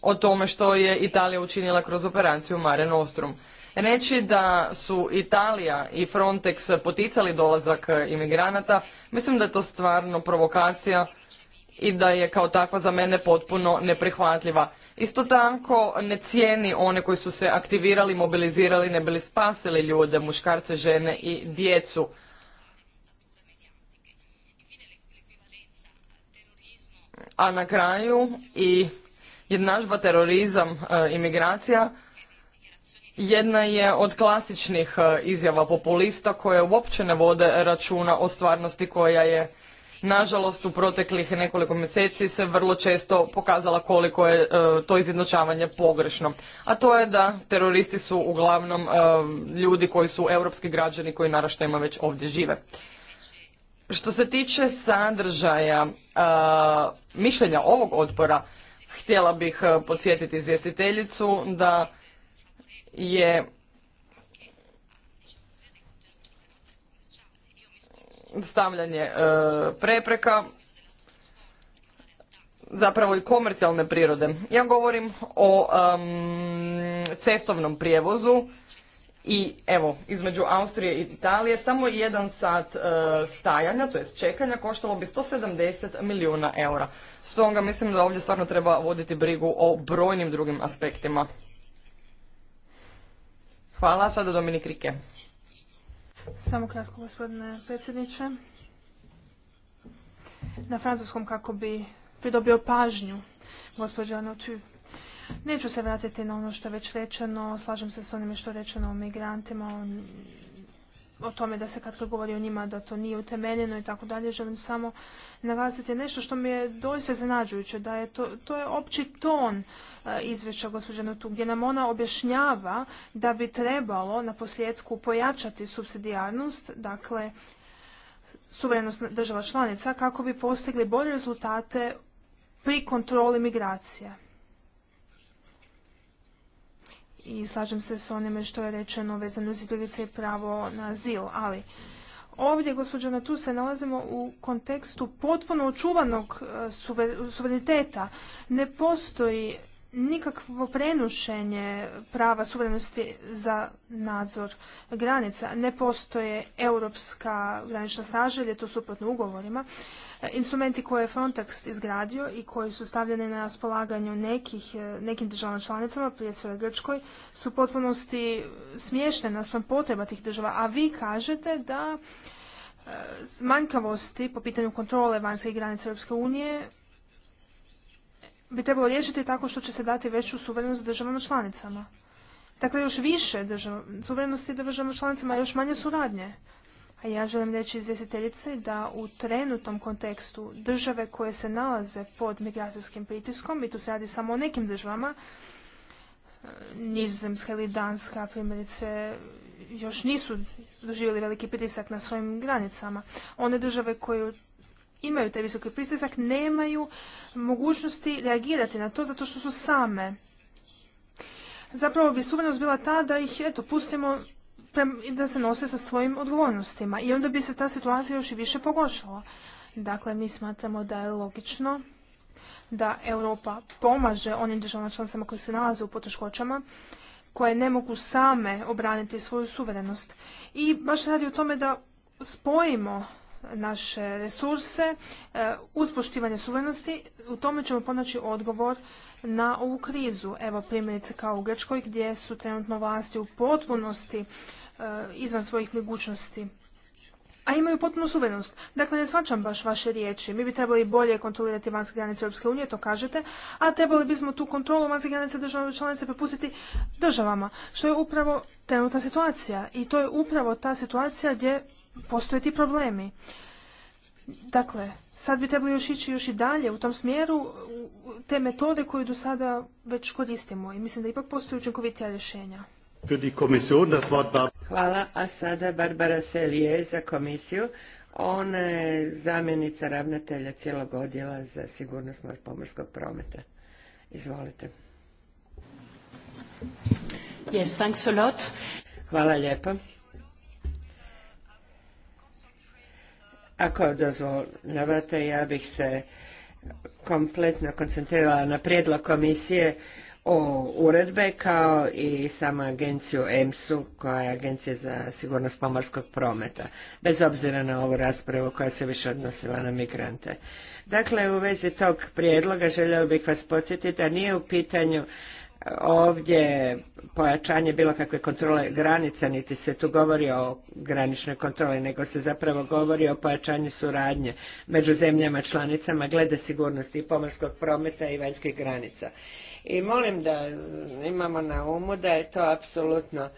o tome što je Italija učinila kroz operaciju Mare Nostrum. Reći da su Italija i Frontex poticali dolazak imigranata, mislim da je to stvarno provokacija i da je kao takva za mene potpuno neprihvatljiva. Isto tako ne cijeni one koji su se aktivirali, mobilizirali, ne bili spasili ljude, muškarce, žene i djecu. A na kraju i jednažba terorizam, e, imigracija jedna je od klasičnih e, izjava populista koje uopće ne vode računa o stvarnosti koja je nažalost u proteklih nekoliko mjeseci se vrlo često pokazala koliko je e, to izjednačavanje pogrešno a to je da teroristi su uglavnom e, ljudi koji su europski građani koji naraštajima već ovdje žive što se tiče sadržaja mišljenja ovog odbora htjela bih podsjetiti izvjestiteljicu da je stavljanje e, prepreka zapravo i komercijalne prirode. Ja govorim o cestovnom prijevozu i evo, između Austrije i Italije samo jedan sat e, stajanja, to jest čekanja, koštalo bi 170 milijuna eura. Stoga mislim da ovdje stvarno treba voditi brigu o brojnim drugim aspektima. Hvala, sada Dominik Rike. Samo kratko, gospodine predsjedniče. Na francuskom kako bi pridobio pažnju, gospođa Notu. Neću se vratiti na ono što je već rečeno, slažem se s onime što je rečeno o migrantima, o o tome da se kad govori o njima da to nije utemeljeno i tako dalje, želim samo naglasiti nešto što mi je doista zanađujuće, da je to, to je opći ton e, izvješća gospođe tu, gdje nam ona objašnjava da bi trebalo na posljedku pojačati subsidijarnost, dakle suverenost država članica, kako bi postigli bolje rezultate pri kontroli migracije i slažem se s onime što je rečeno vezano uz i pravo na zil. ali ovdje, gospođo na tu se nalazimo u kontekstu potpuno očuvanog e, suvereniteta. Ne postoji nikakvo prenošenje prava suverenosti za nadzor granica. Ne postoje europska granična straža, je to suprotno ugovorima. E, instrumenti koje je Frontex izgradio i koji su stavljeni na raspolaganju e, nekim državama članicama, prije svega Grčkoj, su potpunosti smiješne naspram potreba tih država. A vi kažete da e, manjkavosti po pitanju kontrole vanjskih granica Europske unije bi trebalo riješiti tako što će se dati veću suverenost državama članicama. Dakle, još više država, suverenosti državama članicama, još manje suradnje. A ja želim reći izvjestiteljici da u trenutnom kontekstu države koje se nalaze pod migracijskim pritiskom, i tu se radi samo o nekim državama, Nizozemska ili Danska primjerice još nisu doživjeli veliki pritisak na svojim granicama. One države koje imaju taj visoki pritisak nemaju mogućnosti reagirati na to zato što su same. Zapravo bi suverenost bila ta da ih eto, pustimo da se nose sa svojim odgovornostima i onda bi se ta situacija još i više pogoršala. Dakle, mi smatramo da je logično da Europa pomaže onim državama članicama koji se nalaze u poteškoćama, koje ne mogu same obraniti svoju suverenost. I baš radi o tome da spojimo naše resurse e, uz poštivanje suverenosti, u tome ćemo ponaći odgovor na ovu krizu. Evo primjerice kao u Grčkoj gdje su trenutno vlasti u potpunosti e, izvan svojih mogućnosti a imaju potpunu suverenost. Dakle, ne svačam baš vaše riječi. Mi bi trebali bolje kontrolirati vanjske granice Europske unije, to kažete, a trebali bismo tu kontrolu vanjske granice države članice prepustiti državama, što je upravo trenutna situacija. I to je upravo ta situacija gdje postoje ti problemi. Dakle, sad bi trebalo još ići još i dalje u tom smjeru te metode koje do sada već koristimo i mislim da ipak postoje učinkovitija rješenja. Hvala, a sada Barbara Selije za komisiju. Ona je zamjenica ravnatelja cijelog odjela za sigurnost pomorskog prometa. Izvolite. Yes, Hvala lijepo. Ako dozvoljavate, ja bih se kompletno koncentrirala na prijedlog komisije o uredbe kao i samu agenciju EMSU koja je agencija za sigurnost pomorskog prometa, bez obzira na ovu raspravu koja se više odnosila na migrante. Dakle, u vezi tog prijedloga željela bih vas podsjetiti da nije u pitanju ovdje pojačanje bilo kakve kontrole granica, niti se tu govori o graničnoj kontroli, nego se zapravo govori o pojačanju suradnje među zemljama članicama glede sigurnosti i pomorskog prometa i vanjskih granica. I molim da imamo na umu da je to apsolutno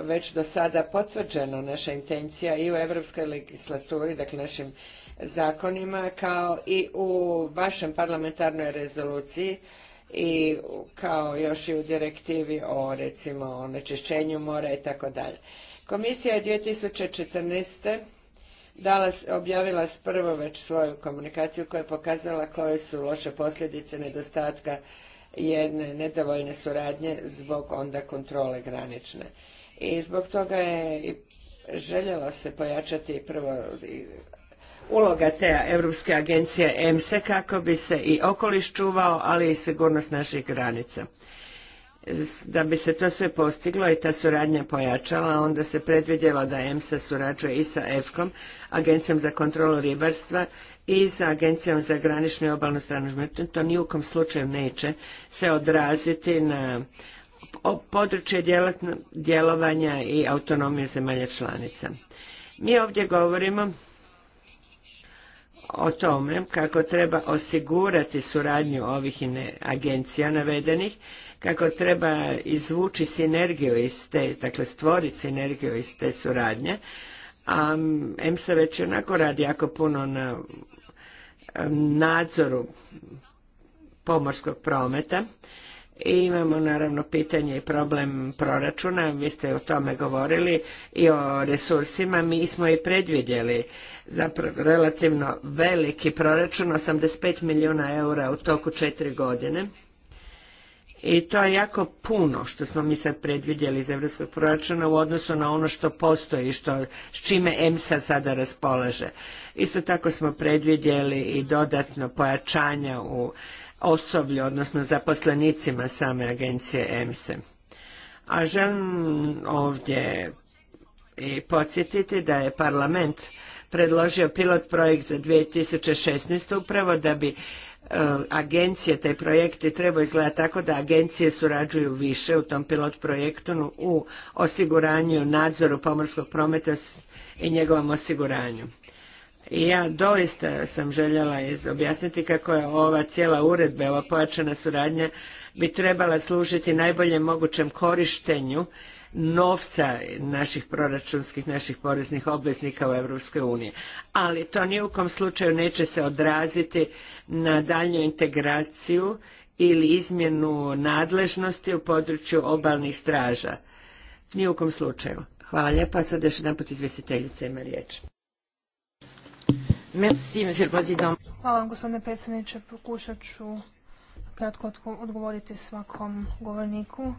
već do sada potvrđeno naša intencija i u europskoj legislaturi, dakle našim zakonima, kao i u vašem parlamentarnoj rezoluciji i kao još i u direktivi o recimo onečišćenju mora i tako dalje. Komisija je 2014. Dala, objavila prvo već svoju komunikaciju koja je pokazala koje su loše posljedice nedostatka jedne nedovoljne suradnje zbog onda kontrole granične. I zbog toga je željela se pojačati prvo uloga te Europske agencije EMSE kako bi se i okoliš čuvao, ali i sigurnost naših granica. Da bi se to sve postiglo i ta suradnja pojačala, onda se predvidjelo da EMSA surađuje i sa EFKOM, Agencijom za kontrolu ribarstva i sa Agencijom za graničnu i obalnu stranu. To ni u slučaju neće se odraziti na područje djelovanja i autonomije zemalja članica. Mi ovdje govorimo o tome kako treba osigurati suradnju ovih agencija navedenih, kako treba izvući sinergiju iz te, dakle stvoriti sinergiju iz te suradnje, a EMSA već onako radi jako puno na nadzoru pomorskog prometa i imamo naravno pitanje i problem proračuna, vi ste o tome govorili i o resursima. Mi smo i predvidjeli zapravo relativno veliki proračun, 85 milijuna eura u toku četiri godine. I to je jako puno što smo mi sad predvidjeli iz europskog proračuna u odnosu na ono što postoji, što, s čime EMSA sada raspolaže. Isto tako smo predvidjeli i dodatno pojačanja u osoblju, odnosno zaposlenicima same agencije EMSE. A želim ovdje i podsjetiti da je parlament predložio pilot projekt za 2016. upravo da bi e, agencije, taj projekti trebao izgledati tako da agencije surađuju više u tom pilot projektu u osiguranju, nadzoru pomorskog prometa i njegovom osiguranju. I ja doista sam željela objasniti kako je ova cijela uredba, ova pojačana suradnja bi trebala služiti najboljem mogućem korištenju novca naših proračunskih, naših poreznih obveznika u Europskoj uniji. Ali to ni u kom slučaju neće se odraziti na daljnju integraciju ili izmjenu nadležnosti u području obalnih straža. Ni u kom slučaju. Hvala lijepa. Sad još jedan put ima riječ. Hvala vam, gospodine predsjedniče. Pokušat ću kratko odgovoriti svakom govorniku.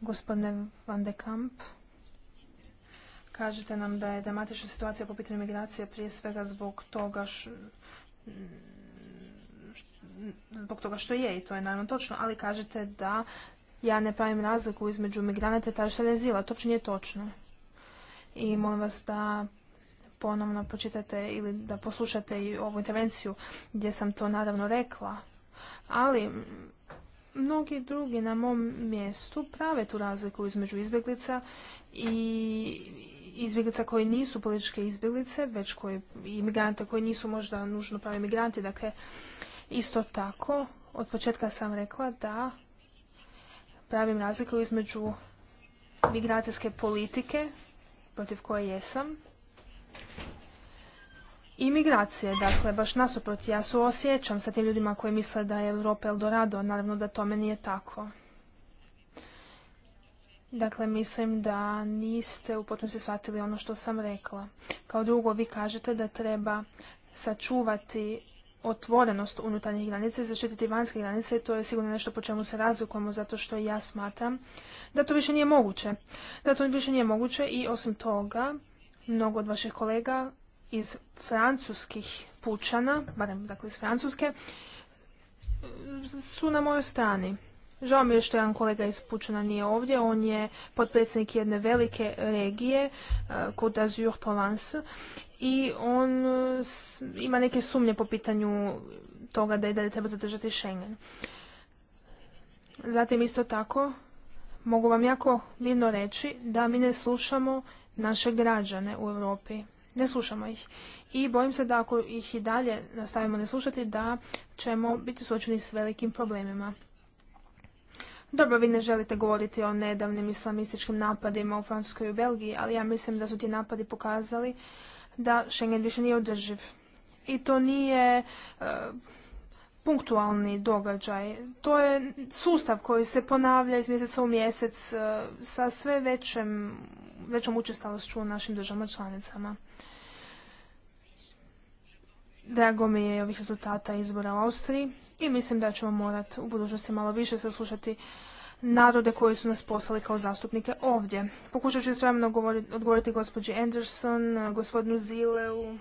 Gospodine Van de Kamp, kažete nam da je dramatična situacija po pitanju migracije prije svega zbog toga zbog toga što je i to je naravno točno, ali kažete da ja ne pravim razliku između migranata i tražitelja azila. To uopće nije točno. I molim vas da ponovno pročitate ili da poslušate i ovu intervenciju gdje sam to naravno rekla. Ali mnogi drugi na mom mjestu prave tu razliku između izbjeglica i izbjeglica koji nisu političke izbjeglice, već koji imigrante koji nisu možda nužno pravi imigranti. Dakle, isto tako, od početka sam rekla da pravim razliku između migracijske politike, protiv koje jesam, Imigracije, Dakle, baš nasuprot, ja se osjećam sa tim ljudima koji misle da je Europa Eldorado, naravno da tome nije tako. Dakle, mislim da niste u potpunosti shvatili ono što sam rekla. Kao drugo, vi kažete da treba sačuvati otvorenost unutarnjih granica i zaštititi vanjske granice i to je sigurno nešto po čemu se razlikujemo zato što ja smatram da to više nije moguće. Da to više nije moguće i osim toga mnogo od vaših kolega iz francuskih pučana, barem dakle iz Francuske, su na mojoj strani. Žao mi je što jedan kolega iz Pučana nije ovdje, on je potpredsjednik jedne velike regije, Côte eh, d'Azur Provence, i on eh, ima neke sumnje po pitanju toga da je li treba zadržati Schengen. Zatim isto tako mogu vam jako mirno reći da mi ne slušamo naše građane u Europi ne slušamo ih. I bojim se da ako ih i dalje nastavimo ne slušati, da ćemo biti suočeni s velikim problemima. Dobro, vi ne želite govoriti o nedavnim islamističkim napadima u Francuskoj i u Belgiji, ali ja mislim da su ti napadi pokazali da Schengen više nije održiv. I to nije e, punktualni događaj. To je sustav koji se ponavlja iz mjeseca u mjesec e, sa sve većem većom učestalošću u našim državama članicama. Drago mi je ovih rezultata izbora u Austriji i mislim da ćemo morati u budućnosti malo više saslušati narode koji su nas poslali kao zastupnike ovdje. Pokušat ću sve odgovoriti gospođi Anderson, gospodinu Zileu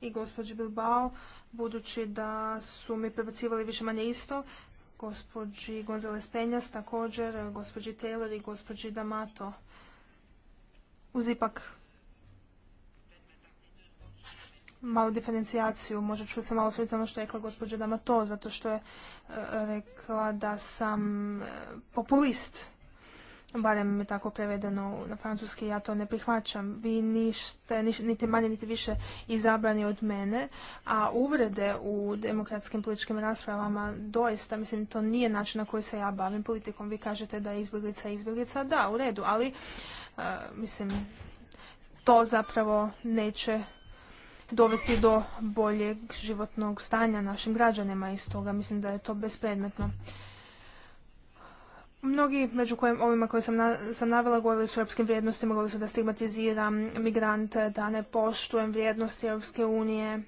i gospođi Bilbao, budući da su mi prebacivali više manje isto, gospođi Gonzales Penjas, također gospođi Taylor i gospođi D'Amato. Uz ipak malu diferencijaciju, možda ću se malo osvrnuti ono što je rekla gospođa D'Amato, zato što je e, rekla da sam e, populist barem je tako prevedeno na francuski, ja to ne prihvaćam. Vi ništa, niti manje, niti više izabrani od mene, a uvrede u demokratskim političkim raspravama doista, mislim, to nije način na koji se ja bavim politikom. Vi kažete da je izbjeglica izbjeglica, da, u redu, ali, eh, mislim, to zapravo neće dovesti do boljeg životnog stanja našim građanima i stoga mislim da je to bespredmetno. Mnogi, među kojim ovima koje sam, sam navela, govorili su o europskim vrijednostima, govorili su da stigmatiziram migrante, da ne poštujem vrijednosti Europske unije,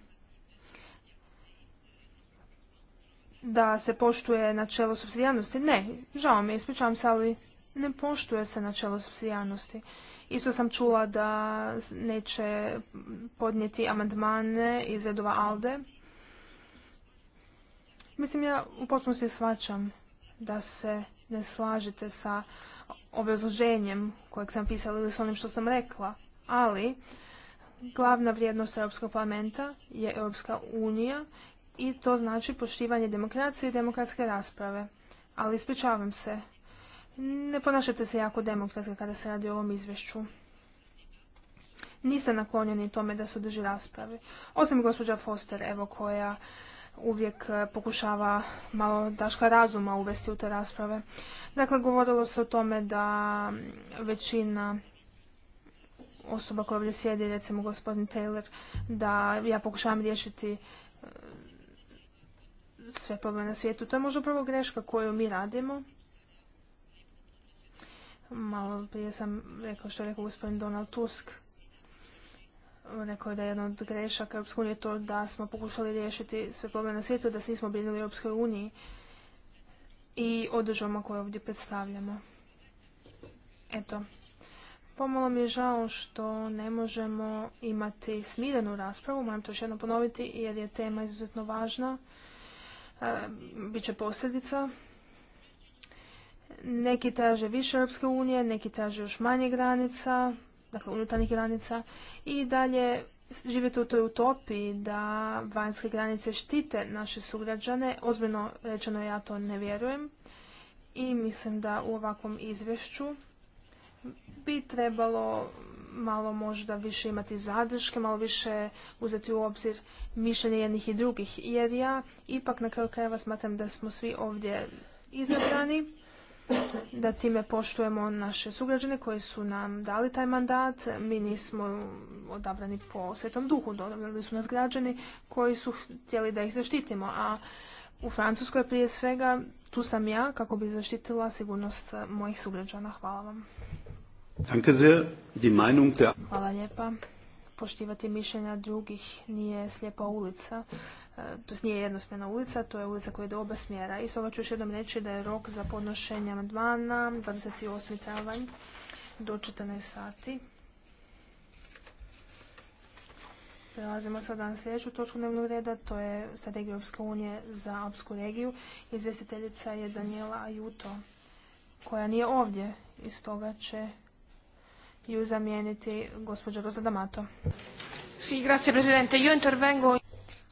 da se poštuje načelo subsidijarnosti. Ne, žao mi, ispričavam se, ali ne poštuje se načelo subsidijarnosti. Isto sam čula da neće podnijeti amandmane iz redova ALDE. Mislim, ja u potpunosti shvaćam da se ne slažete sa obrazloženjem kojeg sam pisala ili s onim što sam rekla, ali glavna vrijednost Europskog parlamenta je Europska unija i to znači poštivanje demokracije i demokratske rasprave. Ali ispričavam se, ne ponašate se jako demokratski kada se radi o ovom izvješću. Niste naklonjeni tome da se održi rasprave. Osim gospođa Foster, evo, koja uvijek e, pokušava malo daška razuma uvesti u te rasprave. Dakle, govorilo se o tome da većina osoba koja ovdje sjedi, recimo gospodin Taylor, da ja pokušavam riješiti e, sve probleme na svijetu. To je možda prvo greška koju mi radimo. Malo prije sam rekao što je rekao gospodin Donald Tusk – Rekao da je jedna od grešaka Europske unije to da smo pokušali riješiti sve probleme na svijetu, da se nismo brinuli Europskoj uniji i o državama koje ovdje predstavljamo. Eto, pomalo mi je žao što ne možemo imati smirenu raspravu, moram to još jednom ponoviti, jer je tema izuzetno važna, e, bit će posljedica. Neki traže više Europske unije, neki traže još manje granica, dakle unutarnjih granica i dalje živjeti u toj utopiji da vanjske granice štite naše sugrađane. Ozbiljno rečeno ja to ne vjerujem i mislim da u ovakvom izvješću bi trebalo malo možda više imati zadrške, malo više uzeti u obzir mišljenje jednih i drugih, jer ja ipak na kraju krajeva smatram da smo svi ovdje izabrani da time poštujemo naše sugrađane koji su nam dali taj mandat. Mi nismo odabrani po svetom duhu, odabrali su nas građani koji su htjeli da ih zaštitimo. A u Francuskoj prije svega tu sam ja kako bi zaštitila sigurnost mojih sugrađana. Hvala vam. Hvala lijepa. Poštivati mišljenja drugih nije slijepa ulica. E, to nije jednosmjerna ulica, to je ulica koja ide oba smjera. I stoga ću još jednom reći da je rok za podnošenje amandmana 28. travanj do 14 sati. Prelazimo sada na sljedeću točku dnevnog reda, to je strategija Europske unije za Alpsku regiju. Izvjestiteljica je Daniela Ajuto, koja nije ovdje i stoga će ju zamijeniti gospođa Rosa D'Amato. Sì, grazie Presidente. Io intervengo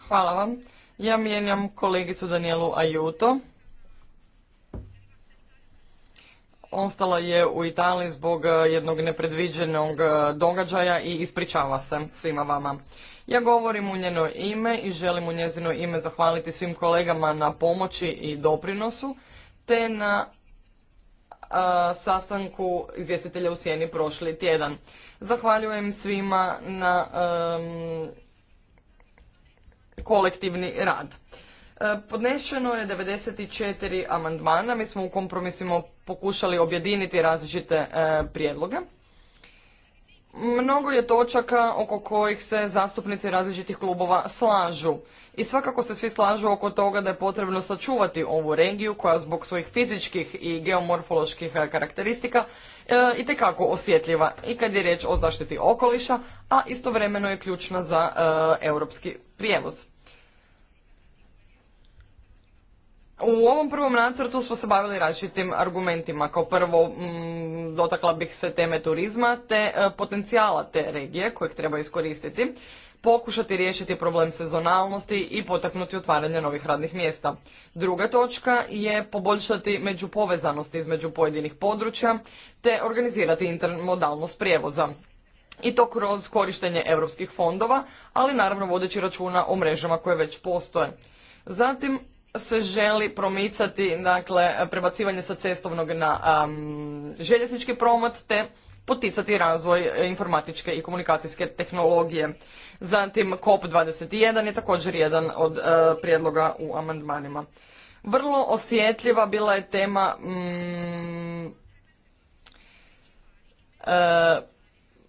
Hvala vam. Ja mijenjam kolegicu Danielu Ajuto. Ostala je u Italiji zbog e, jednog nepredviđenog e, događaja i ispričava se svima vama. Ja govorim u njeno ime i želim u njezino ime zahvaliti svim kolegama na pomoći i doprinosu, te na e, sastanku izvjestitelja u Sjeni prošli tjedan. Zahvaljujem svima na kolektivni rad. E, podnešeno je 94 amandmana, mi smo u kompromisima pokušali objediniti različite e, prijedloge. Mnogo je točaka oko kojih se zastupnici različitih klubova slažu. I svakako se svi slažu oko toga da je potrebno sačuvati ovu regiju koja zbog svojih fizičkih i geomorfoloških e, karakteristika e, itekako osjetljiva i kad je riječ o zaštiti okoliša, a istovremeno je ključna za e, europski prijevoz. U ovom prvom nacrtu smo se bavili različitim argumentima. Kao prvo, mm, dotakla bih se teme turizma te e, potencijala te regije kojeg treba iskoristiti, pokušati riješiti problem sezonalnosti i potaknuti otvaranje novih radnih mjesta. Druga točka je poboljšati međupovezanost između pojedinih područja te organizirati intermodalnost prijevoza i to kroz korištenje europskih fondova, ali naravno vodeći računa o mrežama koje već postoje. Zatim, se želi promicati dakle, prebacivanje sa cestovnog na um, željeznički promot te poticati razvoj informatičke i komunikacijske tehnologije. Zatim COP21 je također jedan od e, prijedloga u amandmanima. Vrlo osjetljiva bila je tema mm, e,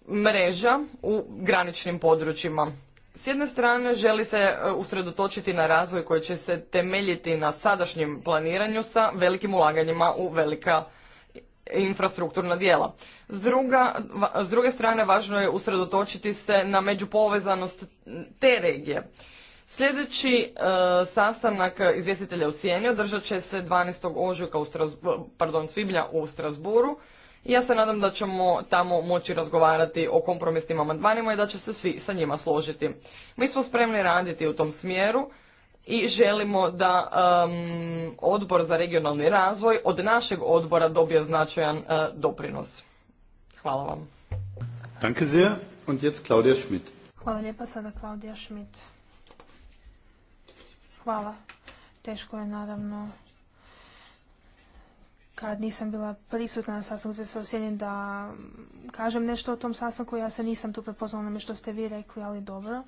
mreža u graničnim područjima. S jedne strane želi se e, usredotočiti na razvoj koji će se temeljiti na sadašnjem planiranju sa velikim ulaganjima u velika infrastrukturna dijela. S, s druge strane važno je usredotočiti se na međupovezanost te regije. Sljedeći e, sastanak izvjestitelja u Sijeni održat će se 12. ožujka u pardon, svibnja u Strasburu ja se nadam da ćemo tamo moći razgovarati o kompromisnim amandmanima i da će se svi sa njima složiti. Mi smo spremni raditi u tom smjeru i želimo da odbor za regionalni razvoj od našeg odbora dobije značajan e, doprinos. Hvala vam. Danke sehr. Und jetzt Claudia Schmidt. Hvala lijepa sada Schmidt. Hvala. Teško je naravno kad nisam bila prisutna na sastanku se da kažem nešto o tom sastanku, ja se nisam tu prepoznala onome što ste vi rekli, ali dobro.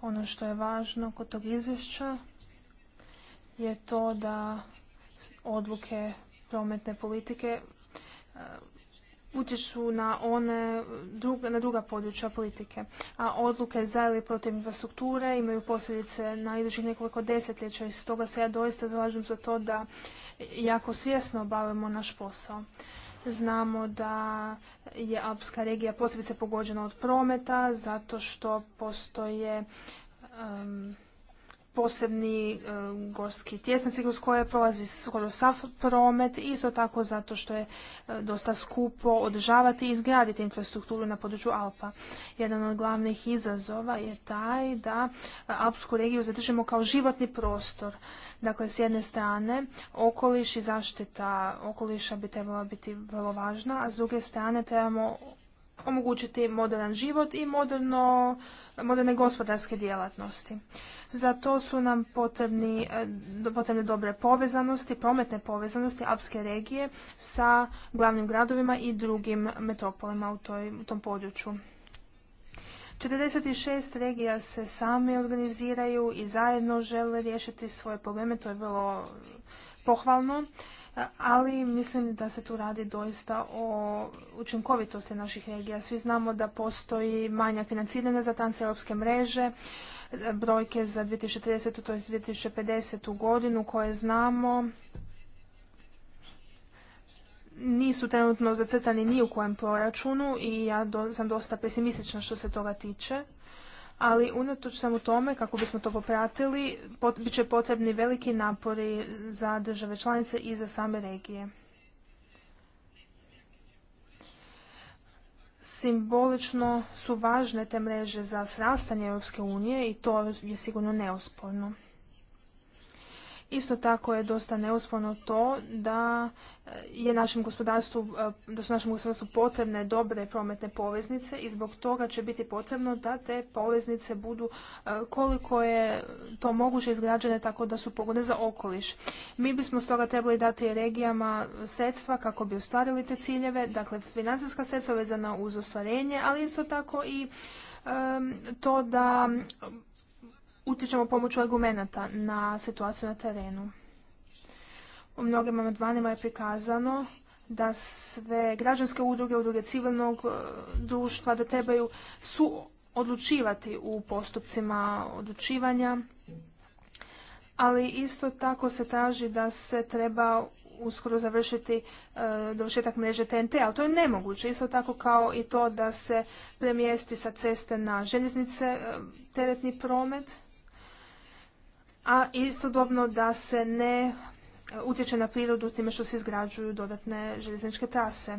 Ono što je važno kod tog izvješća je to da odluke prometne politike utječu na one druga, na druga područja politike. A odluke za ili protiv infrastrukture imaju posljedice na idućih nekoliko desetljeća i stoga se ja doista zalažem za to da jako svjesno obavimo naš posao. Znamo da je Alpska regija posebice pogođena od prometa zato što postoje um, posebni e, gorski tjesnici kroz koje prolazi skoro sav promet isto tako zato što je e, dosta skupo održavati i izgraditi infrastrukturu na području Alpa. Jedan od glavnih izazova je taj da e, Alpsku regiju zadržimo kao životni prostor. Dakle, s jedne strane, okoliš i zaštita okoliša bi trebala biti vrlo važna, a s druge strane trebamo omogućiti modern život i moderno, moderne gospodarske djelatnosti. Za to su nam potrebni, e, potrebne dobre povezanosti, prometne povezanosti apske regije sa glavnim gradovima i drugim metropolima u, u tom području. 46 regija se same organiziraju i zajedno žele riješiti svoje probleme, to je vrlo pohvalno ali mislim da se tu radi doista o učinkovitosti naših regija. Svi znamo da postoji manja financiranja za transeuropske mreže, brojke za 2030. to je 2050. godinu koje znamo nisu trenutno zacrtani ni u kojem proračunu i ja sam dosta pesimistična što se toga tiče ali unatoč u tome, kako bismo to popratili, pot, bit će potrebni veliki napori za države članice i za same regije. Simbolično su važne te mreže za srastanje Europske unije i to je sigurno neosporno. Isto tako je dosta neosporno to da eh, je našem gospodarstvu, eh, da su našem gospodarstvu potrebne dobre prometne poveznice i zbog toga će biti potrebno da te poveznice budu eh, koliko je to moguće izgrađene tako da su pogodne za okoliš. Mi bismo stoga trebali dati regijama sredstva kako bi ostvarili te ciljeve, dakle financijska sredstva vezana uz ostvarenje, ali isto tako i to da utječemo pomoću argumenata na situaciju na terenu. U mnogim amandmanima je prikazano da sve građanske udruge, udruge civilnog e, društva, da trebaju su odlučivati u postupcima odlučivanja, ali isto tako se traži da se treba uskoro završiti e, dovršetak mreže TNT, ali to je nemoguće. Isto tako kao i to da se premjesti sa ceste na željeznice e, teretni promet a istodobno da se ne utječe na prirodu time što se izgrađuju dodatne željezničke trase.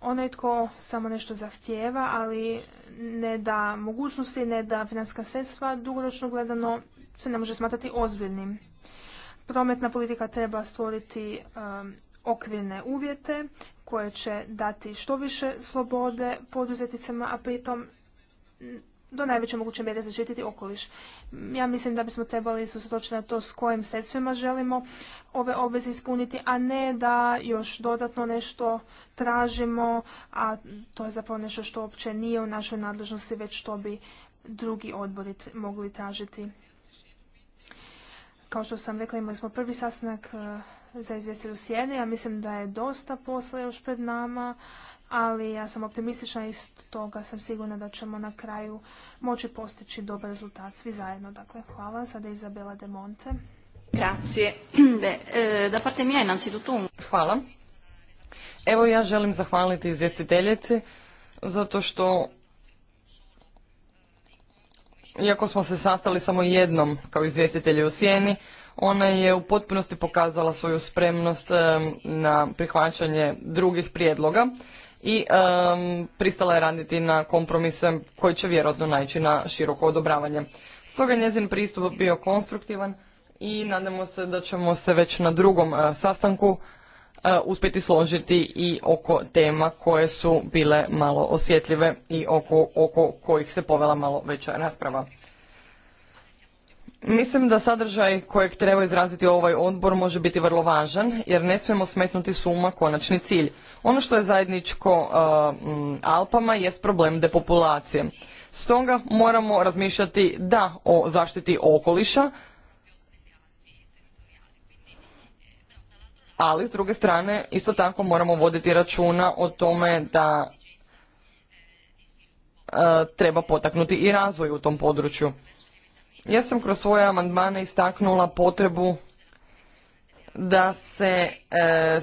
Onaj tko samo nešto zahtijeva, ali ne da mogućnosti, ne da financijska sredstva, dugoročno gledano se ne može smatrati ozbiljnim. Prometna politika treba stvoriti um, okvirne uvjete koje će dati što više slobode poduzetnicima, a pritom do najveće moguće mjere zaštititi okoliš. Ja mislim da bismo trebali se na to s kojim sredstvima želimo ove obveze ispuniti, a ne da još dodatno nešto tražimo, a to je zapravo nešto što uopće nije u našoj nadležnosti, već što bi drugi odbori mogli tražiti. Kao što sam rekla, imali smo prvi sastanak eh, za izvjestelju sjene. Ja mislim da je dosta posla još pred nama ali ja sam optimistična i stoga sam sigurna da ćemo na kraju moći postići dobar rezultat svi zajedno. Dakle, hvala. Sada Izabela De Monte. Grazie. <clears throat> Eh, da parte mia Hvala. Evo ja želim zahvaliti izvjestiteljici zato što iako smo se sastali samo jednom kao izvjestitelji u Sjeni, ona je u potpunosti pokazala svoju spremnost eh, na prihvaćanje drugih prijedloga i pristala je raditi na kompromise koji će vjerojatno naći na široko odobravanje. Stoga je njezin pristup bio konstruktivan i nadamo se da ćemo se već na drugom e, sastanku e, uspjeti složiti i oko tema koje su bile malo osjetljive i oko, oko kojih se povela malo veća rasprava. Mislim da sadržaj kojeg treba izraziti ovaj odbor može biti vrlo važan jer ne smijemo smetnuti suma konačni cilj. Ono što je zajedničko uh, Alpama jest problem depopulacije. Stoga moramo razmišljati da o zaštiti okoliša, ali s druge strane isto tako moramo voditi računa o tome da uh, treba potaknuti i razvoj u tom području. Ja sam kroz svoje amandmane istaknula potrebu da se e,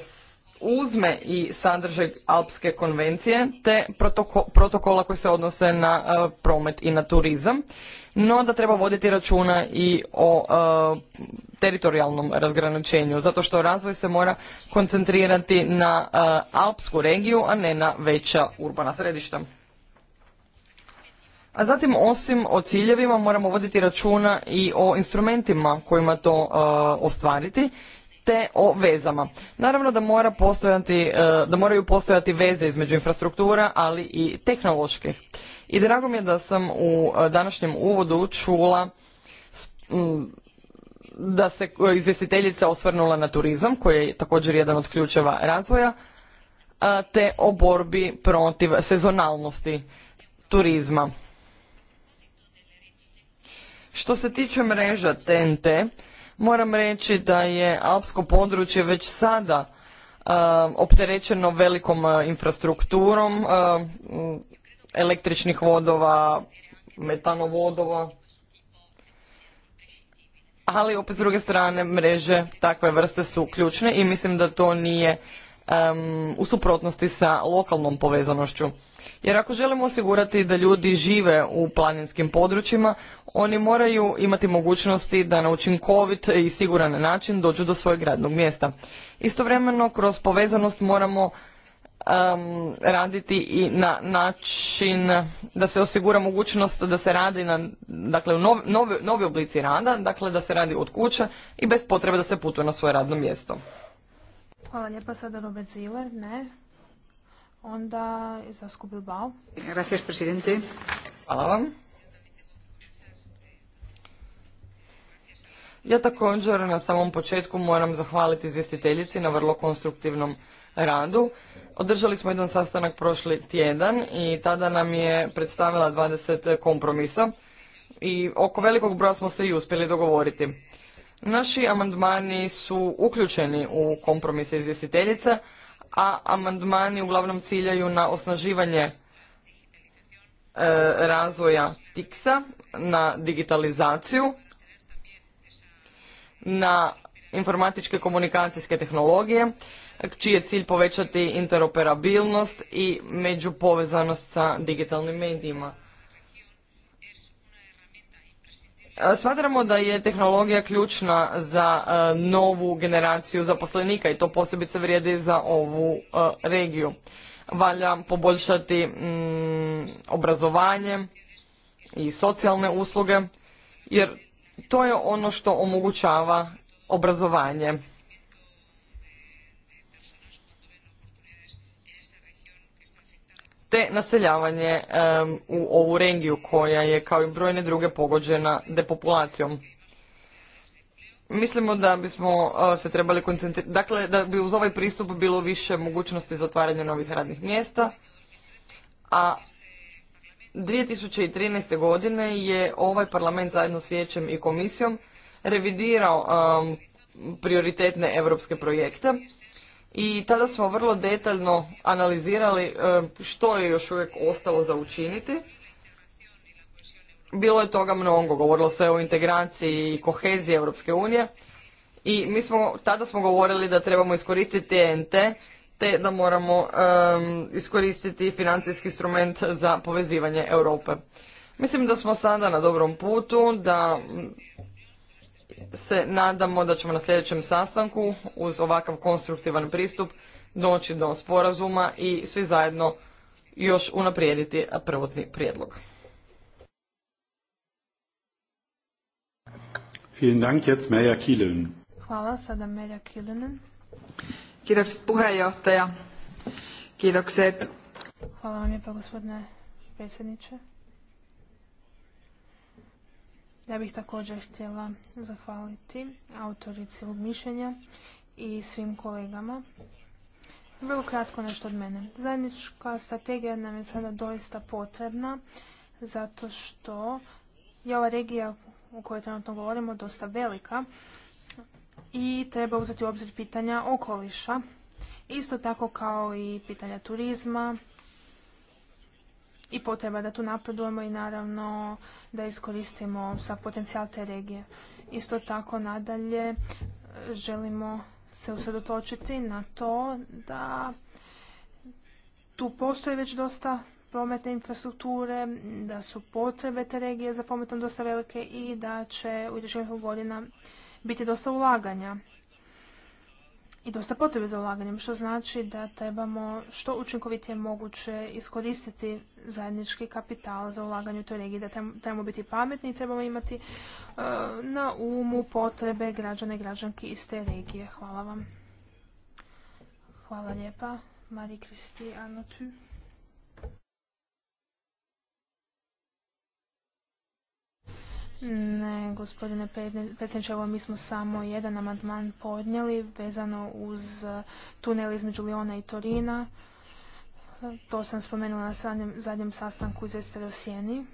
uzme i sadržaj Alpske konvencije te protokola koji se odnose na e, promet i na turizam, no da treba voditi računa i o e, teritorijalnom razgraničenju, zato što razvoj se mora koncentrirati na Alpsku regiju, a ne na veća urbana središta. A zatim osim o ciljevima moramo voditi računa i o instrumentima kojima to e, ostvariti te o vezama. Naravno da mora postojati, e, da moraju postojati veze između infrastruktura, ali i tehnoloških. I drago mi je da sam u e, današnjem uvodu čula da se izvjestiteljica osvrnula na turizam koji je također jedan od ključeva razvoja te o borbi protiv sezonalnosti turizma što se tiče mreža TNT, moram reći da je alpsko područje već sada opterećeno velikom infrastrukturom električnih vodova, metanovodova, ali opet s druge strane mreže takve vrste su ključne i mislim da to nije u suprotnosti sa lokalnom povezanošću. Jer ako želimo osigurati da ljudi žive u planinskim područjima, oni moraju imati mogućnosti da na učinkovit i siguran način dođu do svojeg radnog mjesta. Istovremeno, kroz povezanost moramo raditi i na način da se osigura mogućnost da se radi na, dakle, u novi, oblici rada, dakle da se radi od kuća i bez potrebe da se putuje na svoje radno mjesto. Hvala lijepa. Sada Robert Ziller. Ne. Onda Zasku Bilbao. Gracias, presidente. Hvala vam. Ja također na samom početku moram zahvaliti izvjestiteljici na vrlo konstruktivnom radu. Održali smo jedan sastanak prošli tjedan i tada nam je predstavila 20 kompromisa i oko velikog broja smo se i uspjeli dogovoriti. Naši amandmani su uključeni u kompromise izvjestiteljica a amandmani uglavnom ciljaju na osnaživanje e, razvoja razvoja TIKSA, na digitalizaciju, na informatičke komunikacijske tehnologije, čiji je cilj povećati interoperabilnost i međupovezanost sa digitalnim medijima. E, smatramo da je tehnologija ključna za e, novu generaciju zaposlenika i to posebice vrijedi za ovu e, regiju. Valja poboljšati mm, obrazovanje i socijalne usluge jer to je ono što omogućava obrazovanje te naseljavanje u ovu regiju koja je kao i brojne druge pogođena depopulacijom. Mislimo da bismo e, se trebali koncentrirati, dakle da bi uz ovaj pristup bilo više mogućnosti za otvaranje novih radnih mjesta, a 2013. godine je ovaj parlament zajedno s vijećem i komisijom revidirao prioritetne europske projekte i tada smo vrlo detaljno analizirali e, što je još uvijek ostalo za učiniti. Bilo je toga mnogo, govorilo se o integraciji i koheziji Europske unije i mi smo, tada smo govorili da trebamo iskoristiti ENT te da moramo iskoristiti financijski instrument za povezivanje Europe. Mislim da smo sada na dobrom putu, da se nadamo da ćemo na sljedećem sastanku uz ovakav konstruktivan pristup doći do sporazuma i svi zajedno još unaprijediti prvotni prijedlog. Vielen Dank, Hvala, sada Melja Kilinen. Kiitos puheenjohtaja. Kiitokset. Hvala vam lijepa gospodine predsjedniče. Ja bih također htjela zahvaliti autorici mišljenja i svim kolegama. Vrlo kratko nešto od mene. Zajednička strategija nam je sada doista potrebna zato što je ova regija o kojoj trenutno govorimo dosta velika i treba uzeti u obzir pitanja okoliša, isto tako kao i pitanja turizma, i potreba da tu napredujemo i naravno da iskoristimo sav potencijal te regije. Isto tako nadalje e, želimo se usredotočiti na to da tu postoji već dosta prometne infrastrukture, da su potrebe te regije za prometom dosta velike i da će u idućih godina biti dosta ulaganja i dosta potrebe za ulaganjem, što znači da trebamo što učinkovitije moguće iskoristiti zajednički kapital za ulaganje u toj regiji, da trebamo biti pametni i trebamo imati e, na umu potrebe građane i građanki iz te regije. Hvala vam. Hvala lijepa. marie Ne, gospodine predsjedniče, mi smo samo jedan amandman podnijeli vezano uz e, tunel između Liona i Torina. E, to sam spomenula na zadnjem, sastanku Vestere u Sjeni.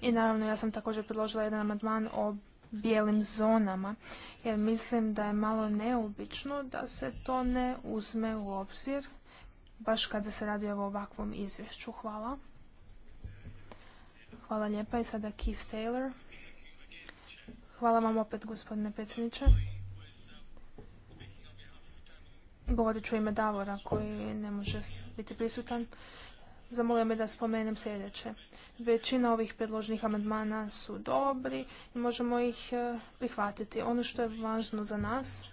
I naravno ja sam također predložila jedan amandman o bijelim zonama, jer mislim da je malo neobično da se to ne uzme u obzir, baš kada se radi o ovakvom izvješću. Hvala. Hvala lijepa i sada Keith Taylor. Hvala vam opet gospodine predsjedniče. Govorit ću ime Davora koji ne može biti prisutan. Zamolio me da spomenem sljedeće. Većina ovih predloženih amandmana su dobri i možemo ih eh, prihvatiti. Ono što je važno za nas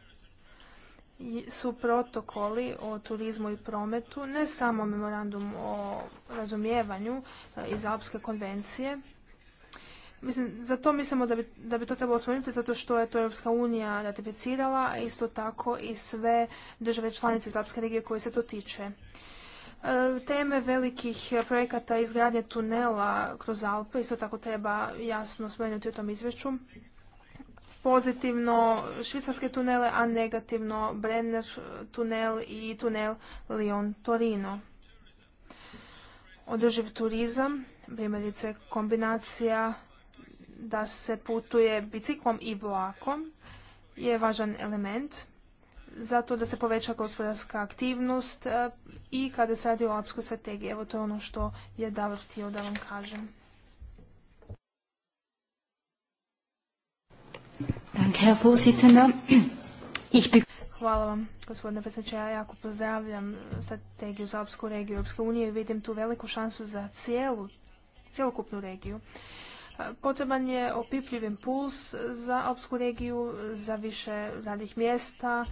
su protokoli o turizmu i prometu, ne samo memorandum o razumijevanju e, iz Alpske konvencije. Mislim, za to mislimo da bi, da bi to trebalo spomenuti zato što je to Europska unija ratificirala, isto tako i sve države članice iz Alpske regije koje se to tiče. E, teme velikih projekata izgradnje tunela kroz Alpe isto tako treba jasno spomenuti u tom izvješću pozitivno švicarske tunele, a negativno Brenner tunel i tunel Lyon-Torino. Održiv turizam, primjerice kombinacija da se putuje biciklom i vlakom je važan element zato da se poveća gospodarska aktivnost e, i kada se radi o lapskoj strategiji. Evo to je ono što je Davor htio da vam kažem. Hvala vam, gospodine predsjedniče. Ja jako pozdravljam strategiju za opsku regiju Europske unije i vidim tu veliku šansu za cijelu, cjelokupnu regiju. Potreban je opipljiv impuls za opsku regiju, za više radnih mjesta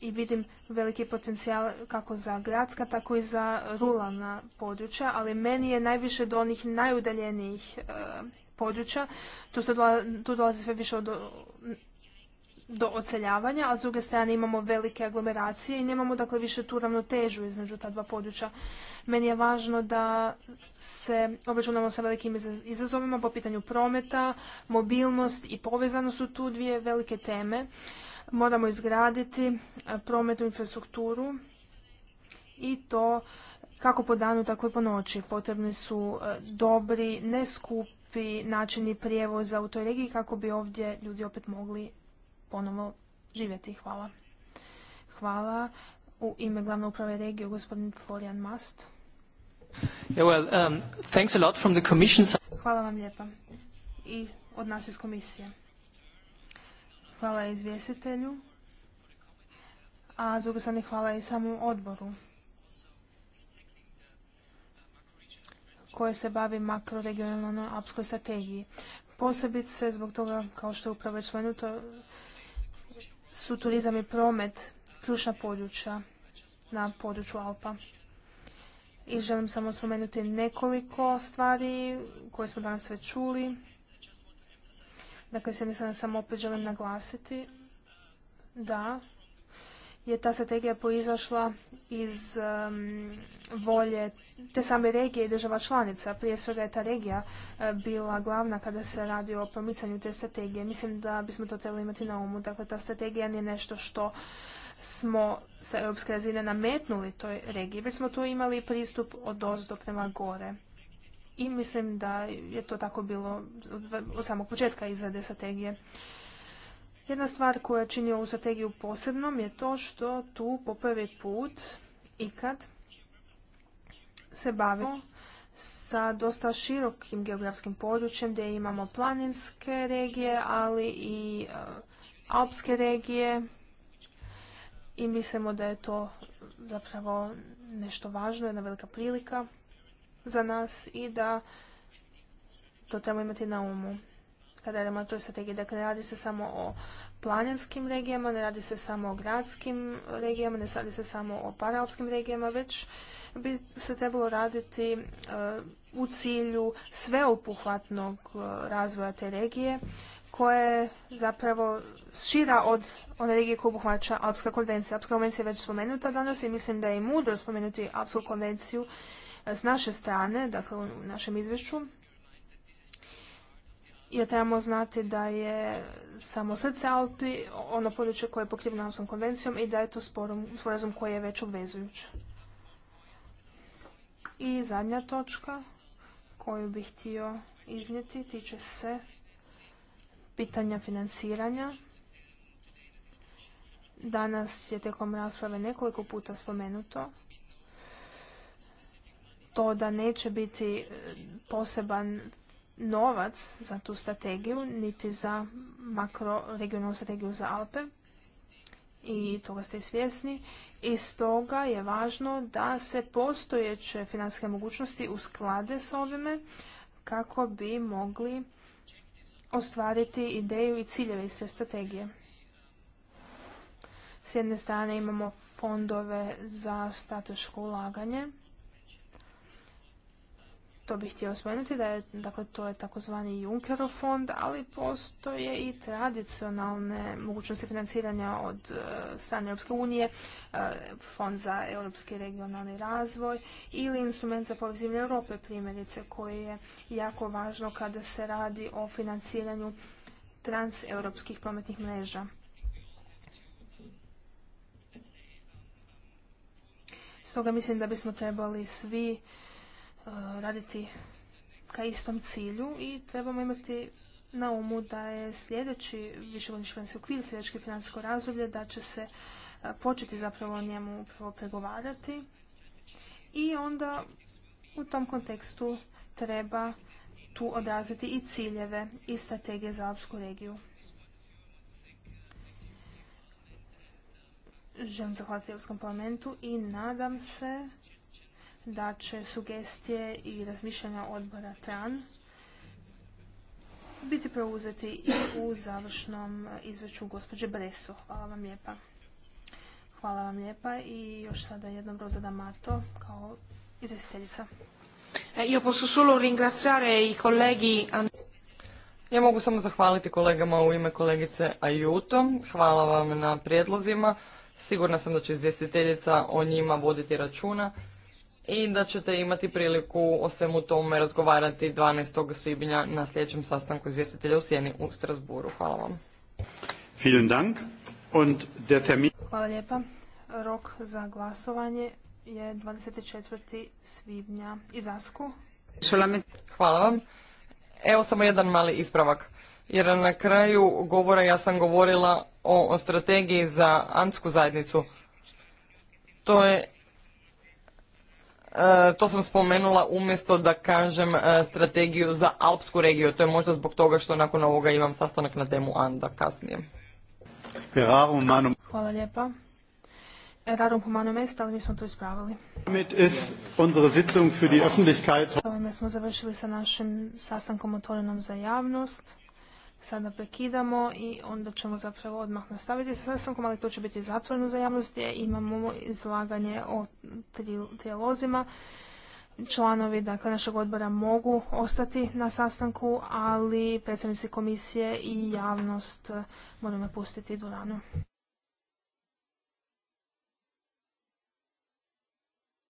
i vidim veliki potencijal kako za gradska, tako i za ruralna područja, ali meni je najviše do onih najudaljenijih područja. Tu, se tu dolazi sve više od do odseljavanja, a s druge strane imamo velike aglomeracije i nemamo dakle više tu ravnotežu između ta dva područja. Meni je važno da se obračunamo sa velikim izazovima po pitanju prometa, mobilnost i povezanost su tu dvije velike teme. Moramo izgraditi e, prometnu infrastrukturu i to kako po danu, tako i po noći. Potrebni su e, dobri, neskupi načini prijevoza u toj regiji kako bi ovdje ljudi opet mogli ponovo živjeti. Hvala. Hvala. U ime glavne uprave regije gospodin Florian Mast. Hvala vam lijepa. I od nas iz komisije. Hvala izvjesitelju. A zbog sam hvala i samom odboru koje se bavi makroregionalnoj apskoj strategiji. Posebice zbog toga, kao što je upravo već spomenuto, su turizam i promet ključna područja na području Alpa. I želim samo spomenuti nekoliko stvari koje smo danas već čuli. Dakle, s jedne strane samo opet želim naglasiti da je ta strategija poizašla iz volje te same regije i država članica. Prije svega je ta regija e, bila glavna kada se radi o promicanju te strategije. Mislim da bismo to trebali imati na umu. Dakle, ta strategija nije nešto što smo sa europske razine nametnuli toj regiji, već smo tu imali pristup od ozdo prema gore. I mislim da je to tako bilo od samog početka izrade strategije. Jedna stvar koja čini ovu strategiju posebnom je to što tu po prvi put ikad se bavimo sa dosta širokim geografskim područjem gdje imamo planinske regije, ali i e, alpske regije i mislimo da je to zapravo nešto važno, jedna velika prilika za nas i da to trebamo imati na umu kada radimo na toj strategiji. Dakle, ne radi se samo o planinskim regijama, ne radi se samo o gradskim regijama, ne radi se samo o paraopskim regijama, već bi se trebalo raditi e, u cilju sveopuhvatnog e, razvoja te regije koja je zapravo šira od one regije koju obuhvaća Alpska konvencija. Alpska konvencija je već spomenuta danas i mislim da je mudro spomenuti Alpsku konvenciju e, s naše strane, dakle u našem izvješću, jer trebamo znati da je samo srce Alpi ono područje koje je pokriveno Alpskom konvencijom i da je to sporazum koji je već obvezujući. I zadnja točka koju bih htio iznijeti tiče se pitanja financiranja. Danas je tijekom rasprave nekoliko puta spomenuto to da neće biti poseban novac za tu strategiju, niti za makroregionalnu strategiju za Alpe i toga ste i svjesni. I stoga je važno da se postojeće financijske mogućnosti usklade s ovime kako bi mogli ostvariti ideju i ciljeve iz sve strategije. S jedne strane imamo fondove za strateško ulaganje to bih htio spomenuti da je, dakle, to je takozvani Junckerov fond, ali postoje i tradicionalne mogućnosti financiranja od e, strane Europske unije, e, fond za europski regionalni razvoj ili instrument za povezivanje Europe primjerice koji je jako važno kada se radi o financiranju transeuropskih prometnih mreža. Stoga mislim da bismo trebali svi Eh, raditi ka istom cilju i trebamo imati na umu da je sljedeći višegodišnji financijski okvir, sljedeće financijsko razdoblje, da će se eh, početi zapravo o njemu upravo pregovarati i onda u tom kontekstu treba tu odraziti i ciljeve i strategije za Alpsku regiju. Želim zahvaliti Europskom parlamentu i nadam se da će sugestije i razmišljanja odbora TRAN biti preuzeti i u završnom izveću gospođe Bresu. Hvala vam lijepa. Hvala vam lijepa i još sada jednom Roza D'Amato kao izvjestiteljica. E, solo i ja mogu samo zahvaliti kolegama u ime kolegice Ajuto. Hvala vam na prijedlozima. Sigurna sam da će izvjestiteljica o njima voditi računa i da ćete imati priliku o svemu tome razgovarati 12. svibnja na sljedećem sastanku izvjestitelja u Sjeni u Strasburu. Hvala vam. Hvala lijepa. Rok za glasovanje je 24. svibnja. Izasku. Hvala vam. Evo samo jedan mali ispravak. Jer na kraju govora ja sam govorila o, strategiji za antsku zajednicu. To je E, to sam spomenula umjesto da kažem e, strategiju za Alpsku regiju. To je možda zbog toga što nakon ovoga imam sastanak na temu Anda kasnije. Hvala lijepa. Rarum humanum est, ali mi smo to ispravili. Ovime smo završili sa našim sastankom otvorenom za javnost sada prekidamo i onda ćemo zapravo odmah nastaviti sa sastankom, ali to će biti zatvoreno za javnost gdje imamo izlaganje o trijalozima. Članovi dakle, našeg odbora mogu ostati na sastanku, ali predstavnici komisije i javnost moraju napustiti dvoranu.